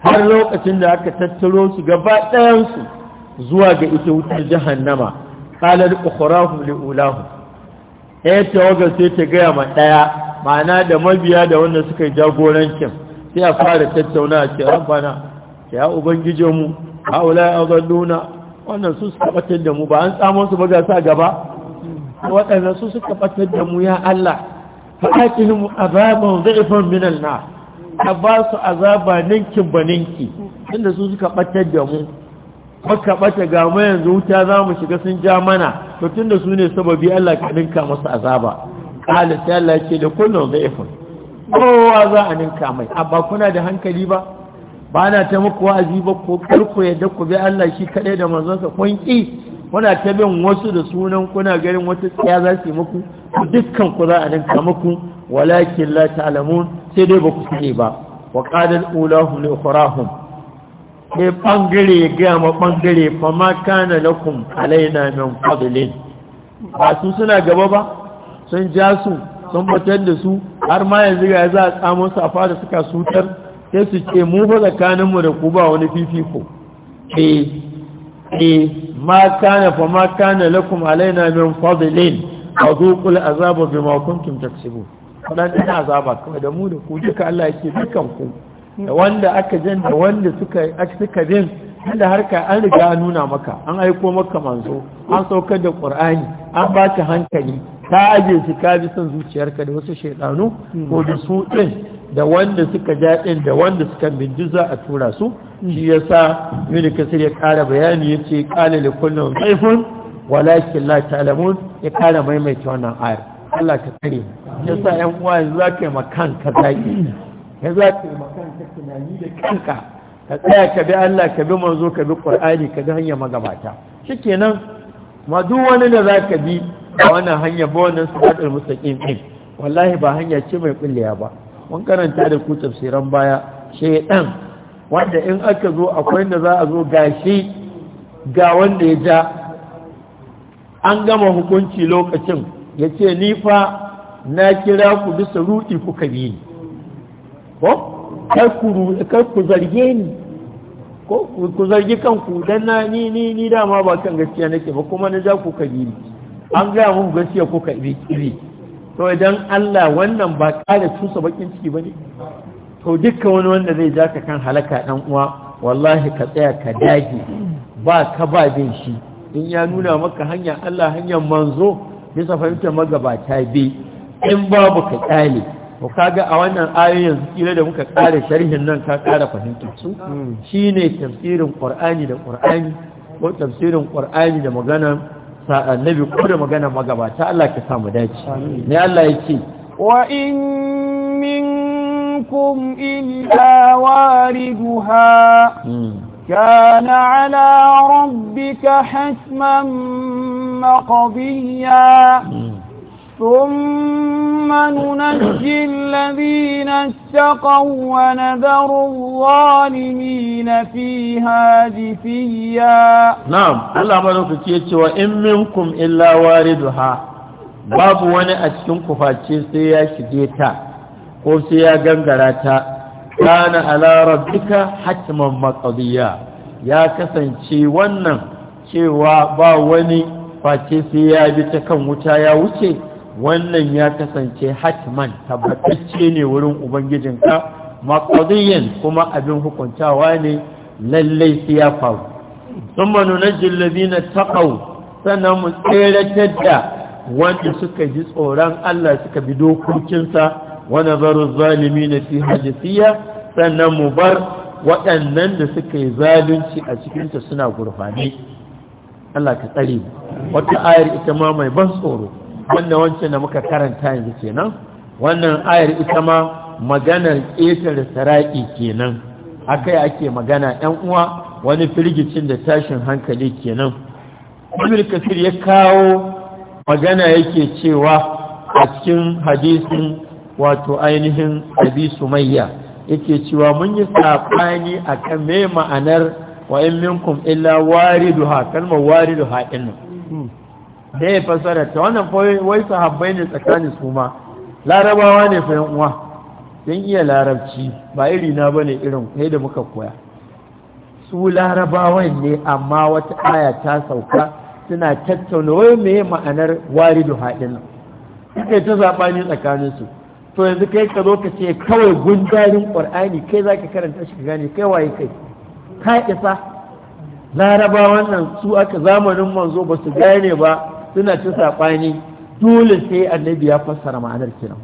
har lokacin da aka tattaro su gaba ɗayan su zuwa ga ita wutar jahannama qalat ukhrahum liulahum eh wajen sai ta gaya ma ɗaya? ma'ana da mabiya da wanda suka jagorancin sai a fara tattauna a ce rabbana ya ubangijinmu haula adalluna wannan su suka batar da mu ba an tsamo su ba ga sa gaba waɗannan su suka batar da mu ya Allah fa atihim azaban dhifan min an-nar ka ba su azaba ninkin baninki tunda su suka batar da mu maka bata ga mu yanzu wuta za mu shiga sun ja mana to tunda su ne sababi Allah ka ninka masu azaba qala ta Allah ce da kullun dhifan kowa za a ninka mai abba kuna da hankali ba ba na ta muku wa'azi ba ko karku yadda ku bi Allah shi kaɗai da manzansa kun ƙi kuna ta bin wasu da sunan kuna ganin wata tsaya za su yi muku dukkan ku za a ninka muku walakin la ta'lamun sai dai ba ku sani ba wa qadal ulahu li ukhrahum sai bangare ya ga ma bangare fa ma kana lakum alaina min fadlin ba su suna gaba ba sun ja su sun batar da su har ma yanzu ga za a tsamo su a fara suka sutar sai su ce mu fa tsakaninmu da ku ba wani fifiko eh eh ma kana fa ma kana lakum alaina min fadlin azuqul azaba bima kuntum taksibu kana ina azaba kuma da mu da ku duka Allah yake dukan ku da wanda aka jin da wanda suka suka jin inda ka an riga nuna maka an aiko maka manzo an saukar da qur'ani an ba hankali ka aje shi ka bi son zuciyarka da wasu shaidanu ko da su din da wanda suka jaɗin da wanda suka bindiza a tura su shi ya sa yuni kasir ya ƙara bayani ya ce ƙala da kullum tsaifin walakin la ta'lamun ya ƙara maimaita wannan ayar Allah ka kare ya sa 'yan uwa yanzu za ka yi makan ka zaki ya za ka yi makan ka tunani da kanka ka tsaya ka bi Allah ka bi manzo ka bi Qur'ani ka bi hanyar magabata kenan ma duk wani da za ka bi a wannan hanya ba wannan siratul mustaqim ɗin wallahi ba hanya ce mai kulliya ba mun karanta da ku tafsiran baya shaydan wanda in aka zo akwai da za a zo gashi ga wanda ya ja an gama hukunci lokacin ya ce ni fa na kira ku bisa ruɗi kuka bi ni ko kar ku zarge ni ko ku zargi kanku dan na ni ni ni dama ba kan gaskiya nake ba kuma na ja ku kabi an gaya muku gaskiya ku kabi to idan Allah wannan ba ƙara cusa bakin ciki bane. to dukkan wani wanda zai ja ka kan halaka dan uwa wallahi ka tsaya ka dage ba ka ba bin shi in ya nuna maka hanya Allah hanyar manzo bisa fahimtar magabata bi in babu ka ƙyale to kaga a wannan ayoyin kila da muka ƙara sharhin nan ka ƙara fahimtar su hmm. shine tafsirin Qur'ani da Qur'ani ko tafsirin Qur'ani da magana. annabi ko da magana magabata Allah ka samu dace ne Allah yake wa in minkum illa wariduha hmm. ala على ربك hasman مقضيا ثم ننجي الذين اتقوا ونذر الظالمين فيها جثيا نعم الله بارك فيك وإن منكم إلا واردها باب وانا أشكم فاتشي سيا شديتا وسيا غنغراتا كان على ربك حتما مقضيا يا كسن شي ونن cewa ba wani face sai ya bi ta kan wuta ya wuce wannan ya kasance hatman tabbatacce ne wurin ubangijinka maqdiyan kuma abin hukuntawa ne lallai su ya faru na nunajjil na taqaw sannan mu tseratar da wanda suka ji tsoron Allah suka bi dokokinsa wa zalimi na fi hajisiya sannan mu bar waɗannan da suka yi zalunci a cikinta suna gurfane Allah ka tsare wata ayar ita ma mai ban tsoro wanda wancan da muka karanta yanzu kenan wannan ayar ita ma maganar ƙetare sara'i kenan akai ake magana ‘yan uwa wani firgicin da tashin hankali kenan ibn kasir ya kawo magana yake cewa a cikin hadisin wato ainihin abi sumayya yake cewa mun yi saɓani akan kan me ma'anar in minkum illa wariduha kalmar wariduha ɗin da ya fasara ta wannan wai sahabbai ne tsakanin su ma larabawa ne fa uwa don iya larabci ba iri na bane irin kai da muka koya su larabawan ne amma wata aya ta sauka suna tattauna wai me ma'anar waridu haɗin suka ta zaɓani tsakanin su to yanzu kai ka zo ka ce kawai gundarin qur'ani kai za ka karanta shi ka gane kai waye kai ka isa larabawan nan su aka zamanin manzo ba su gane ba suna ta saɓani dole sai annabi ya fassara ma'anar kiran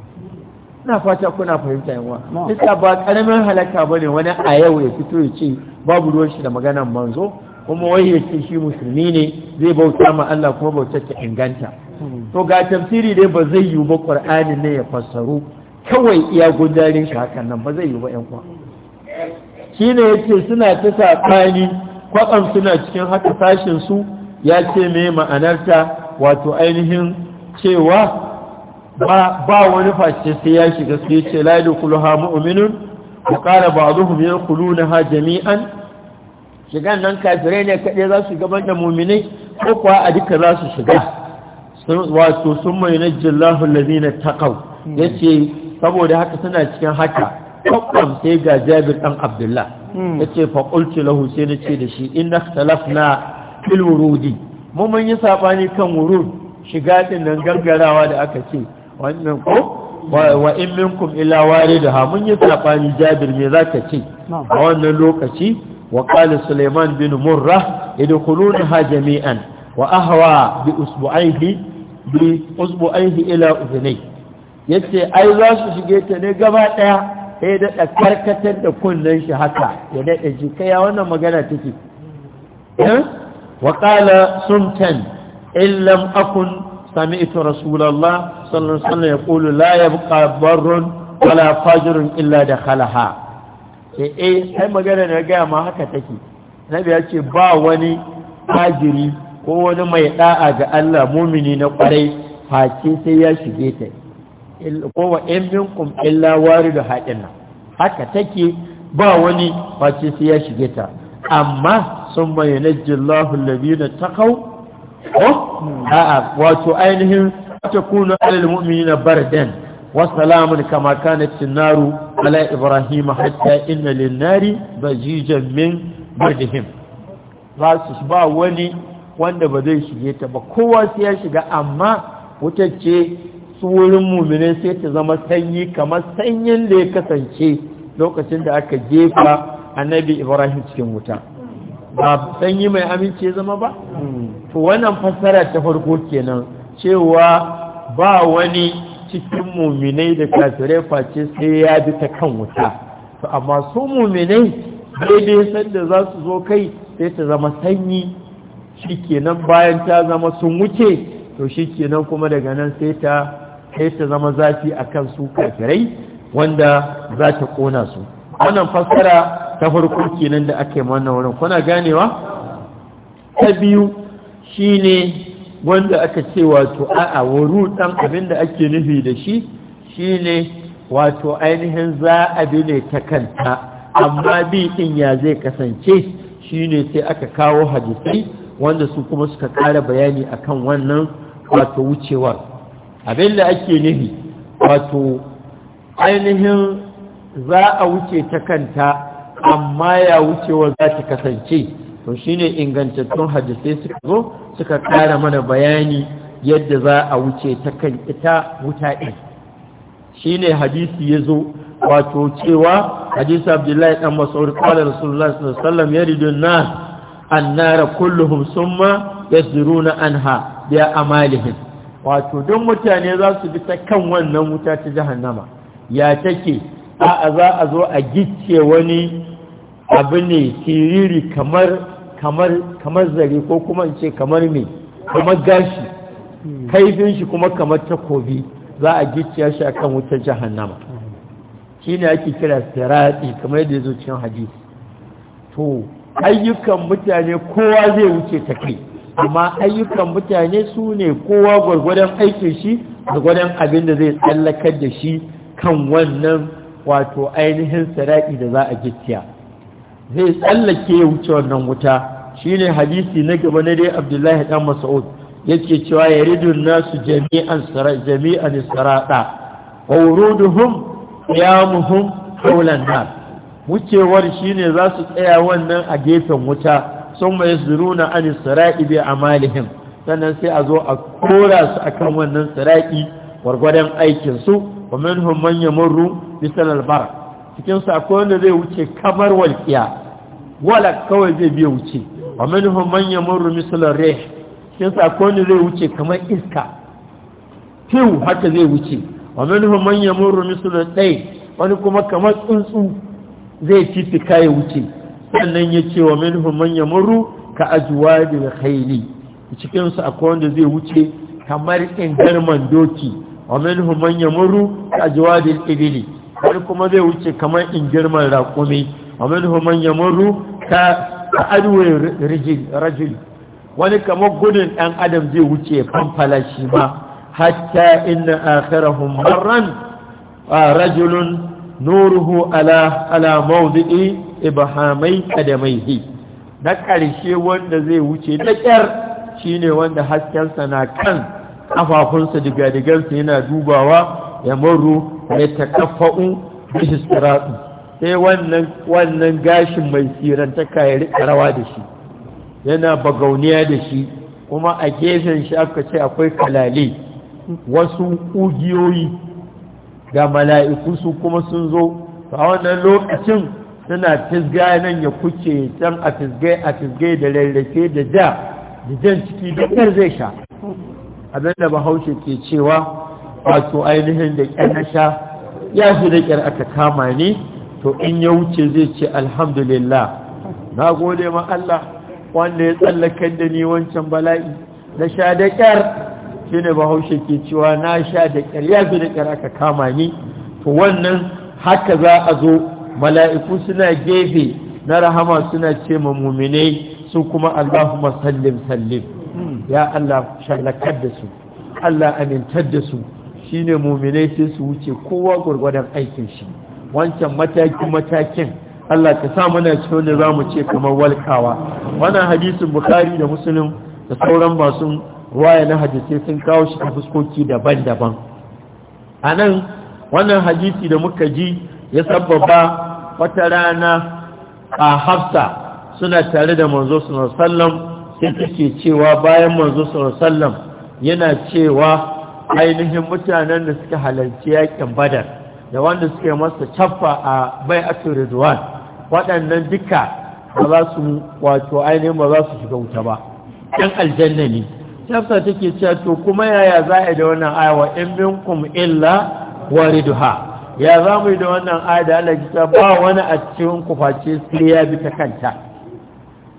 na fata kuna fahimta yawa isa ba karamin halaka bane wani a yau ya fito ya ce babu ruwan shi da maganar manzo kuma wai ya ce shi musulmi ne zai bauta ma Allah kuma bauta ta inganta hmm. to ga tafsiri dai ba zai yi ba qur'ani ne ya fassaru kawai iya gudarin shi hakan nan ba zai yi ba yan kwa shine yace suna ta saɓani kwatsam suna cikin haka fashin su ya ce me ma'anarta wato ainihin cewa ba wani face sai ya shiga su ya ce lailu kuluha mu'minun wa qala ba'dhum ha jami'an shigan nan kafirai ne kaɗai za su gaban da mu'minai ko kuwa a duka za su shiga wato sun mai na allazina hmm. Ya yace saboda haka suna cikin haka kwakwam sai ga jabir ɗan abdullah hmm. ya ce faƙulci lahu sai na ce da shi ina na filwurudi mu mun yi sabani kan wurud shiga din nan gargarawa da aka ce wannan ko wa in minkum illa waridaha mun yi sabani jabir me zaka ce a wannan lokaci wa qala sulaiman bin murra ha jami'an wa ahwa bi usbu'aihi bi usbu'aihi ila udhnay yace ai za su shige ta ne gaba daya sai da karkatar da kunnen shi haka ya dade ji kai wannan magana take eh وقال سمتا illan لم أكن سمعت رسول الله صلى الله عليه وسلم يقول لا يبقى بر ولا sai magana na gaya ma haka take nabi ya ce ba wani fajiri ko wani mai ɗa'a ga Allah mumini na kwarai face sai ya shige ta ko wa in minkum illa waridu haɗin haka take ba wani face sai ya shige ta amma ثم ينجي الله الذين اتقوا wato ainihin ta kuna alal na barden wasu salamun kama kanat sinaru ala ibrahim hatta inna lin nari bajijan min bardihim su ba wani wanda ba zai shige ta ba kowa sai ya shiga amma wutacce ce wurin mumine sai ta zama sanyi kamar sanyin da ya kasance lokacin da aka jefa annabi ibrahim cikin wuta ba san yi mai amince zama ba to wannan fassara ta farko kenan cewa ba wani cikin muminai da kafirai face sai ya bi ta kan wuta to amma su muminai daidai sanda za su zo kai sai ta zama sanyi shikenan bayan ta zama sun wuce to shikenan kuma daga nan sai ta sai ta zama zafi a kan su kafirai wanda za ta kona su wannan fassara ta farko kenan da aka yi wannan wurin kuna ganewa ta biyu shine wanda aka ce wato a'a wuru dan abin da ake nufi da shi shine wato ainihin za a bi ne ta kanta amma bi din ya zai kasance shine sai aka kawo hadisi wanda su kuma suka kara bayani akan wannan wato wucewar abin da ake nufi wato ainihin za a wuce ta kanta amma ya wucewa za ta kasance to shine ingantattun hadisai suka zo suka kara mana bayani yadda za a wuce ta kan ita wuta ɗin shine hadisi ya zo wato cewa hadisi abdullahi ɗan masauri ƙwalar rasulullah sallallahu yaridun na annara kulluhum summa yasduruna anha biya amalihim wato don mutane za su bi ta kan wannan wuta ta jahannama ya take a za a zo a gicce wani abu ne siriri kamar kamar kamar zare ko kuma in ce kamar me kamar gashi kaifin shi kuma kamar takobi za a gicciya shi kan wutar jahannama shi ne ake kira sirati kamar yadda ya zo cikin hadisi to ayyukan mutane kowa zai wuce ta kai amma ayyukan mutane su ne kowa gwargwadon aikin shi gwargwadon abin da zai tsallakar da shi kan wannan wato ainihin sara'i da za a gittiya zai tsallake ya wuce wannan wuta ne hadisi na gaba na dai abdullahi dan mas'ud yake cewa yaridun nasu jami'an sara jami'an sarada wa wuruduhum qiyamuhum hawla nar wucewar shine za su tsaya wannan a gefen wuta sun mai zuruna an sara'i bi amalihim sannan sai a zo a kora su akan wannan sara'i gwargwadon aikinsu, su wa minhum man yamurru misal albar cikin su wanda zai wuce kamar walqiya wala kawai zai biya wuce wa minhum man yamurru misal rih cikin su akwai wanda zai wuce kamar iska fiu haka zai wuce wa minhum man yamurru misal dai wani kuma kamar tsuntsu zai titi kaya wuce sannan ya ce wa minhum man yamurru ka ajwadil khayli cikin su akwai wanda zai wuce kamar ingarman doki wa minhum man yamurru ka ajwadil ibili har kuma zai wuce kamar in girman raƙumi amin human ya murru ta aduwa wani kamar gudun ɗan adam zai wuce fanfala shi ma hatta inna akhirahum a rajulun nuruhu ala ala ibhamai na ƙarshe wanda zai wuce da ƙyar ne wanda haskensa na kan ƙafafunsa diga-digansa yana dubawa ya maru ya takafa'u da shi sai wannan gashin mai tsirantaka ya riƙa rawa da shi yana bagauniya da shi kuma a gefen shi aka ce akwai kalale wasu ƙugiyoyi ga mala'iku su kuma sun zo a wannan lokacin suna fisga nan ya kuce can a fisgai a fisgai da rarrafe da da da jan ciki dukkan zai sha abinda bahaushe ke cewa wato ainihin da ƙyar na ya fi da ƙyar aka kama ne to in ya wuce zai ce alhamdulillah na gode ma Allah wanda ya tsallakar da ni wancan bala'i na sha da ƙyar shi ne bahaushe ke cewa na sha da ƙyar ya fi da ƙyar aka kama ni to wannan haka za a zo mala'iku suna gefe na rahama suna ce ma muminai su kuma Allahumma sallim sallim ya Allah shallakar da su Allah amintar da su ne muminai sai su wuce kowa gwargwadon aikin shi wancan mataki matakin Allah ka sa mana wanda za mu ce kamar walkawa wannan hadisin bukari da musulun da sauran masu ruwaya na hadisai sun kawo shi a fuskoki daban-daban a nan wannan hadisi da muka ji ya sababa wata rana a hafsa suna tare da manzo sallam sai take cewa bayan manzo sallam yana cewa ainihin mutanen da suka halarci yakin badar da wanda suka masa caffa a bai ato zuwa waɗannan duka ba za su wato ainihin ba za su shiga wuta ba ɗan aljanna ne tafsa take cewa to kuma yaya za a yi da wannan aya wa in minkum illa wariduha ya za mu yi da wannan aya da Allah ta ba wani a cikin face sai ya bi ta kanta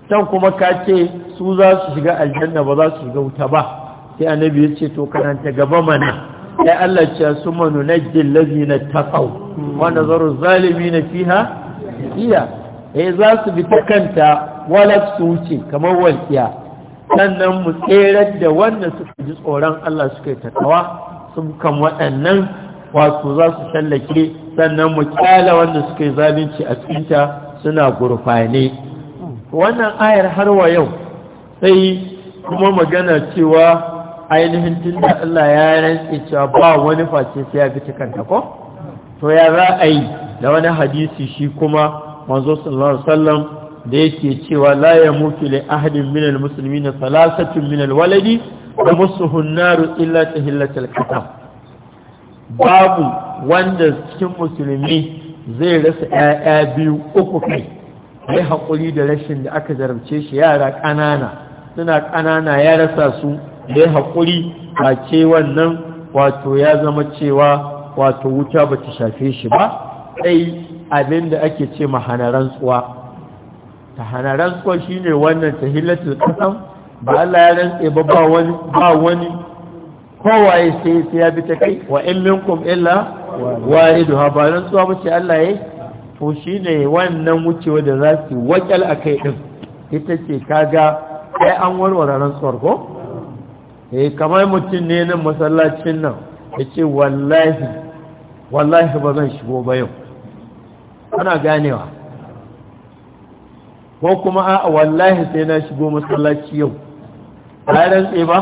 can kuma ka ce su za su shiga aljanna ba za su shiga wuta ba sai annabi ya ce to karanta gaba mana ya Allah ce su manu najjin lazina taqaw wa nazaru zalimin fiha iya eh za su bi ta kanta wala su wuce kamar walƙiya. sannan mu tserar da wanda suka ji tsoron Allah suka yi takawa su kan waɗannan wato za su shallake sannan mu kyala wanda suka yi zalunci a cikinta suna gurfane wannan ayar har wa yau sai kuma magana cewa ainihin tun da Allah ya rantsi cewa ba wani face sai ya fice kanta ko to ya za a yi da wani hadisi shi kuma manzo sallallahu alaihi wasallam da yake cewa la yamutu li ahadin min almuslimin thalathatun min alwaladi yamassuhu an-nar illa tahillatul kitab babu wanda cikin musulmi zai rasa ƴaƴa biyu uku kai sai haƙuri da rashin da aka jarumce shi yara ƙanana suna ƙanana ya rasa su da hakuri haƙuri a ce wannan wato ya zama cewa wato wuta ba ta shafe shi ba sai abin da ake ce hanaran tsuwa ta hanaran tsuwa shi ne wannan ta hilatul ƙasan ba Allah ya rantse ba ba wani kowaye sai sai ya bi ta kai wa in minkum illa waridu ha ba rantsuwa ba ce Allah ya to shi ne wannan wucewa da za su wakil a kai ɗin ita ce kaga sai an warware rantsuwar ko eh kamar mutum ne nan masallacin nan ya ce wallahi wallahi ba zan shigo ba yau ana ganewa ko kuma a wallahi sai na shigo masallaci yau bayan tsaye ba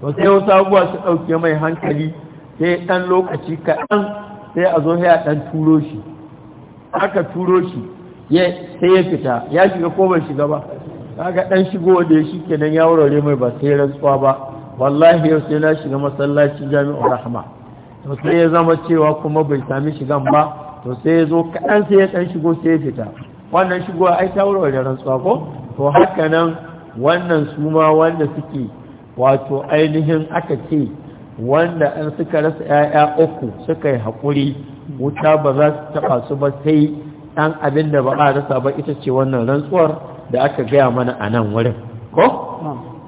to sai wasu sabuwa su ɗauke mai hankali sai ɗan lokaci kaɗan sai a zo ya ɗan turo shi aka turo shi sai ya fita ya shiga ko ban shiga ba kaga dan shigo da shi kenan ya wurare mai ba sai rantsuwa ba wallahi yau sai na shiga masallacin jami'ar rahma to sai ya zama cewa kuma bai sami shigan ba to sai ya zo kaɗan sai ya ɗan shigo sai ya fita wannan shigo ai ta wurare rantsuwa ko to haka nan wannan su ma wanda suke wato ainihin aka ce wanda an suka rasa 'ya'ya uku suka yi haƙuri wuta ba za su taɓa su ba sai ɗan abin da ba a rasa ba ita ce wannan rantsuwar da aka gaya mana a nan wurin ko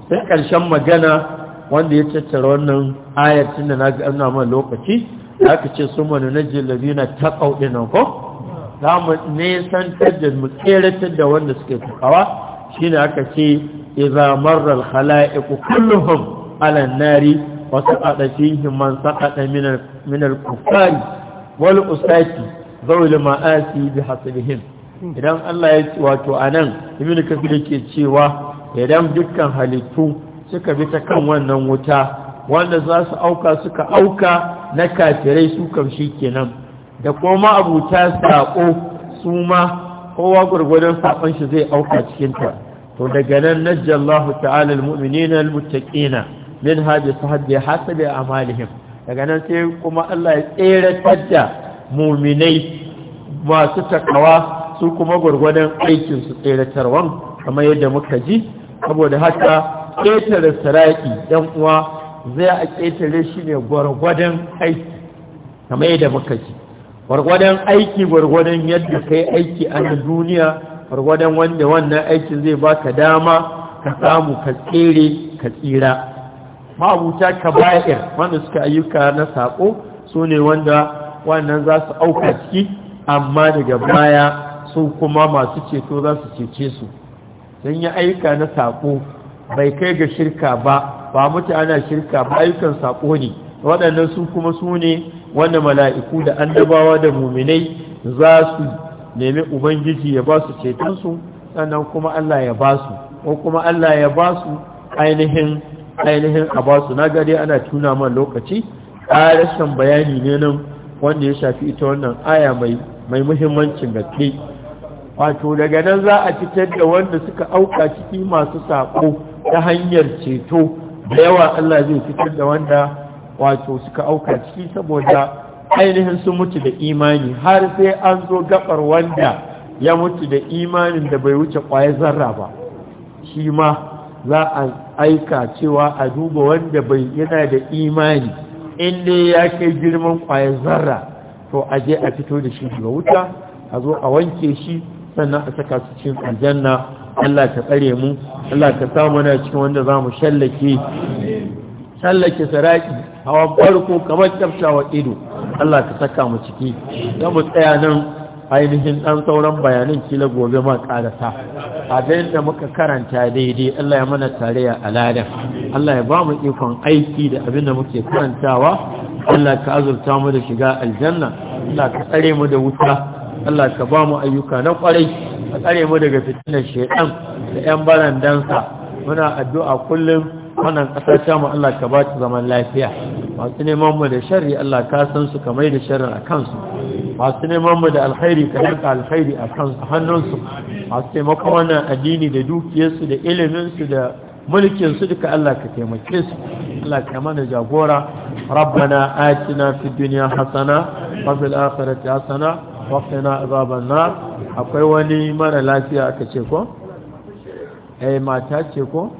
sai ƙarshen magana wanda ya tattara wannan ayatun da na gana mana lokaci da aka ce su wani na jilabi na taƙau ɗinan ko za mu nesantar da mu tseratar da wanda suke tukawa shi ne aka ce iza marar hala'iku kulluhum alan nari wasu ƙaɗashin man saƙaɗa minar kufari wal usaki zaul ma'asi bi hasibihim idan Allah ya wato ibini ibnu da ke cewa idan dukkan halittu suka bi ta kan wannan wuta wanda za su auka suka auka na kafirai su kamshi kenan da kuma abuta saƙo su ma kowa gurgurdan saƙon shi zai auka cikinta. to daga nan najjallahu ta'ala al almuttaqina min hadi sahbi hasabi amalihim daga nan sai kuma Allah ya tsere da mu'minai masu takawa su kuma gwargwadon aikin su tseratarwan kamar yadda muka ji saboda haka ƙetare saraki ɗan uwa zai a ƙetare shi ne gwargwadon aiki kamar yadda muka ji gwargwadon aiki gwargwadon yadda kai aiki a duniya gwargwadon wanda wannan aikin zai ba ka dama ka samu ka tsere ka tsira ma'abuta ka bayar wanda suka ayyuka na saƙo su ne wanda wannan za su auka ciki amma daga baya su kuma masu ceto za su cece su sun yi aika na saƙo bai kai ga shirka ba ba mutu ana shirka ba ayyukan saƙo ne waɗannan su kuma su ne wanda mala'iku da annabawa da muminai za su nemi ubangiji ya ba su cetonsu sannan kuma Allah ya ba su ko kuma Allah ya ba su ainihin ainihin a ba su na gari ana tuna man lokaci rashin bayani ne nan wanda ya shafi ita wannan aya mai muhimmancin gaske wato daga nan za a fitar da wanda suka auka ciki masu sako ta hanyar ceto da yawa Allah zai fitar da wanda wato suka auka ciki saboda ainihin sun mutu da imani har sai an zo gabar wanda ya mutu da imanin da bai wuce kwaye zarra ba shi ma za a aika cewa a duba wanda bai yana da imani inda ya kai girman kwayar zarra to aje a fito da shi duba wuta a zo a wanke shi sannan a saka su cikin aljanna Allah ka tsare mu Allah ka samu na cikin wanda za mu shallake shallake saraki hawan farko kamar tafsawa ido Allah ka saka mu ciki don mu tsaya nan ainihin ɗan sauran bayanan kila gobe ma ƙarasa abin da muka karanta daidai Allah ya mana tarayya a ladan Allah ya ba mu ikon aiki da abin da muke karantawa Allah ka azurta mu da shiga aljanna Allah ka tsare mu da wuta Allah ka ba mu ayyuka na kwarai ka tsare mu daga fitilar shaiɗan da yan barandansa muna addu'a kullum wannan kasar ta mu Allah ka ba ta zaman lafiya masu neman mu da sharri Allah ka san su kamar da sharri a kansu masu neman mu da alkhairi ka danka alkhairi a kansu hannunsu masu taimakon wannan addini da dukiyarsu da iliminsu da mulkinsu duka Allah ka taimake su Allah ka mana jagora rabbana atina fid dunya hasana wa fil akhirati wakana azaban na akwai wani mara lafiya aka ce ko eh mata ce ko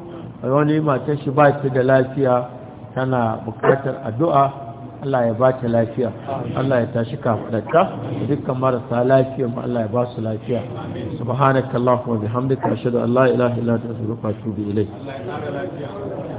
wani mata shi ba ta da lafiya tana bukatar addu'a Allah ya ba ta lafiya Allah ya tashi kafadarka dukkan marasa lafiya mu Allah ya ba su lafiya subhanakallahumma bihamdika ashhadu an la ilaha illa anta astaghfiruka wa atubu ilayk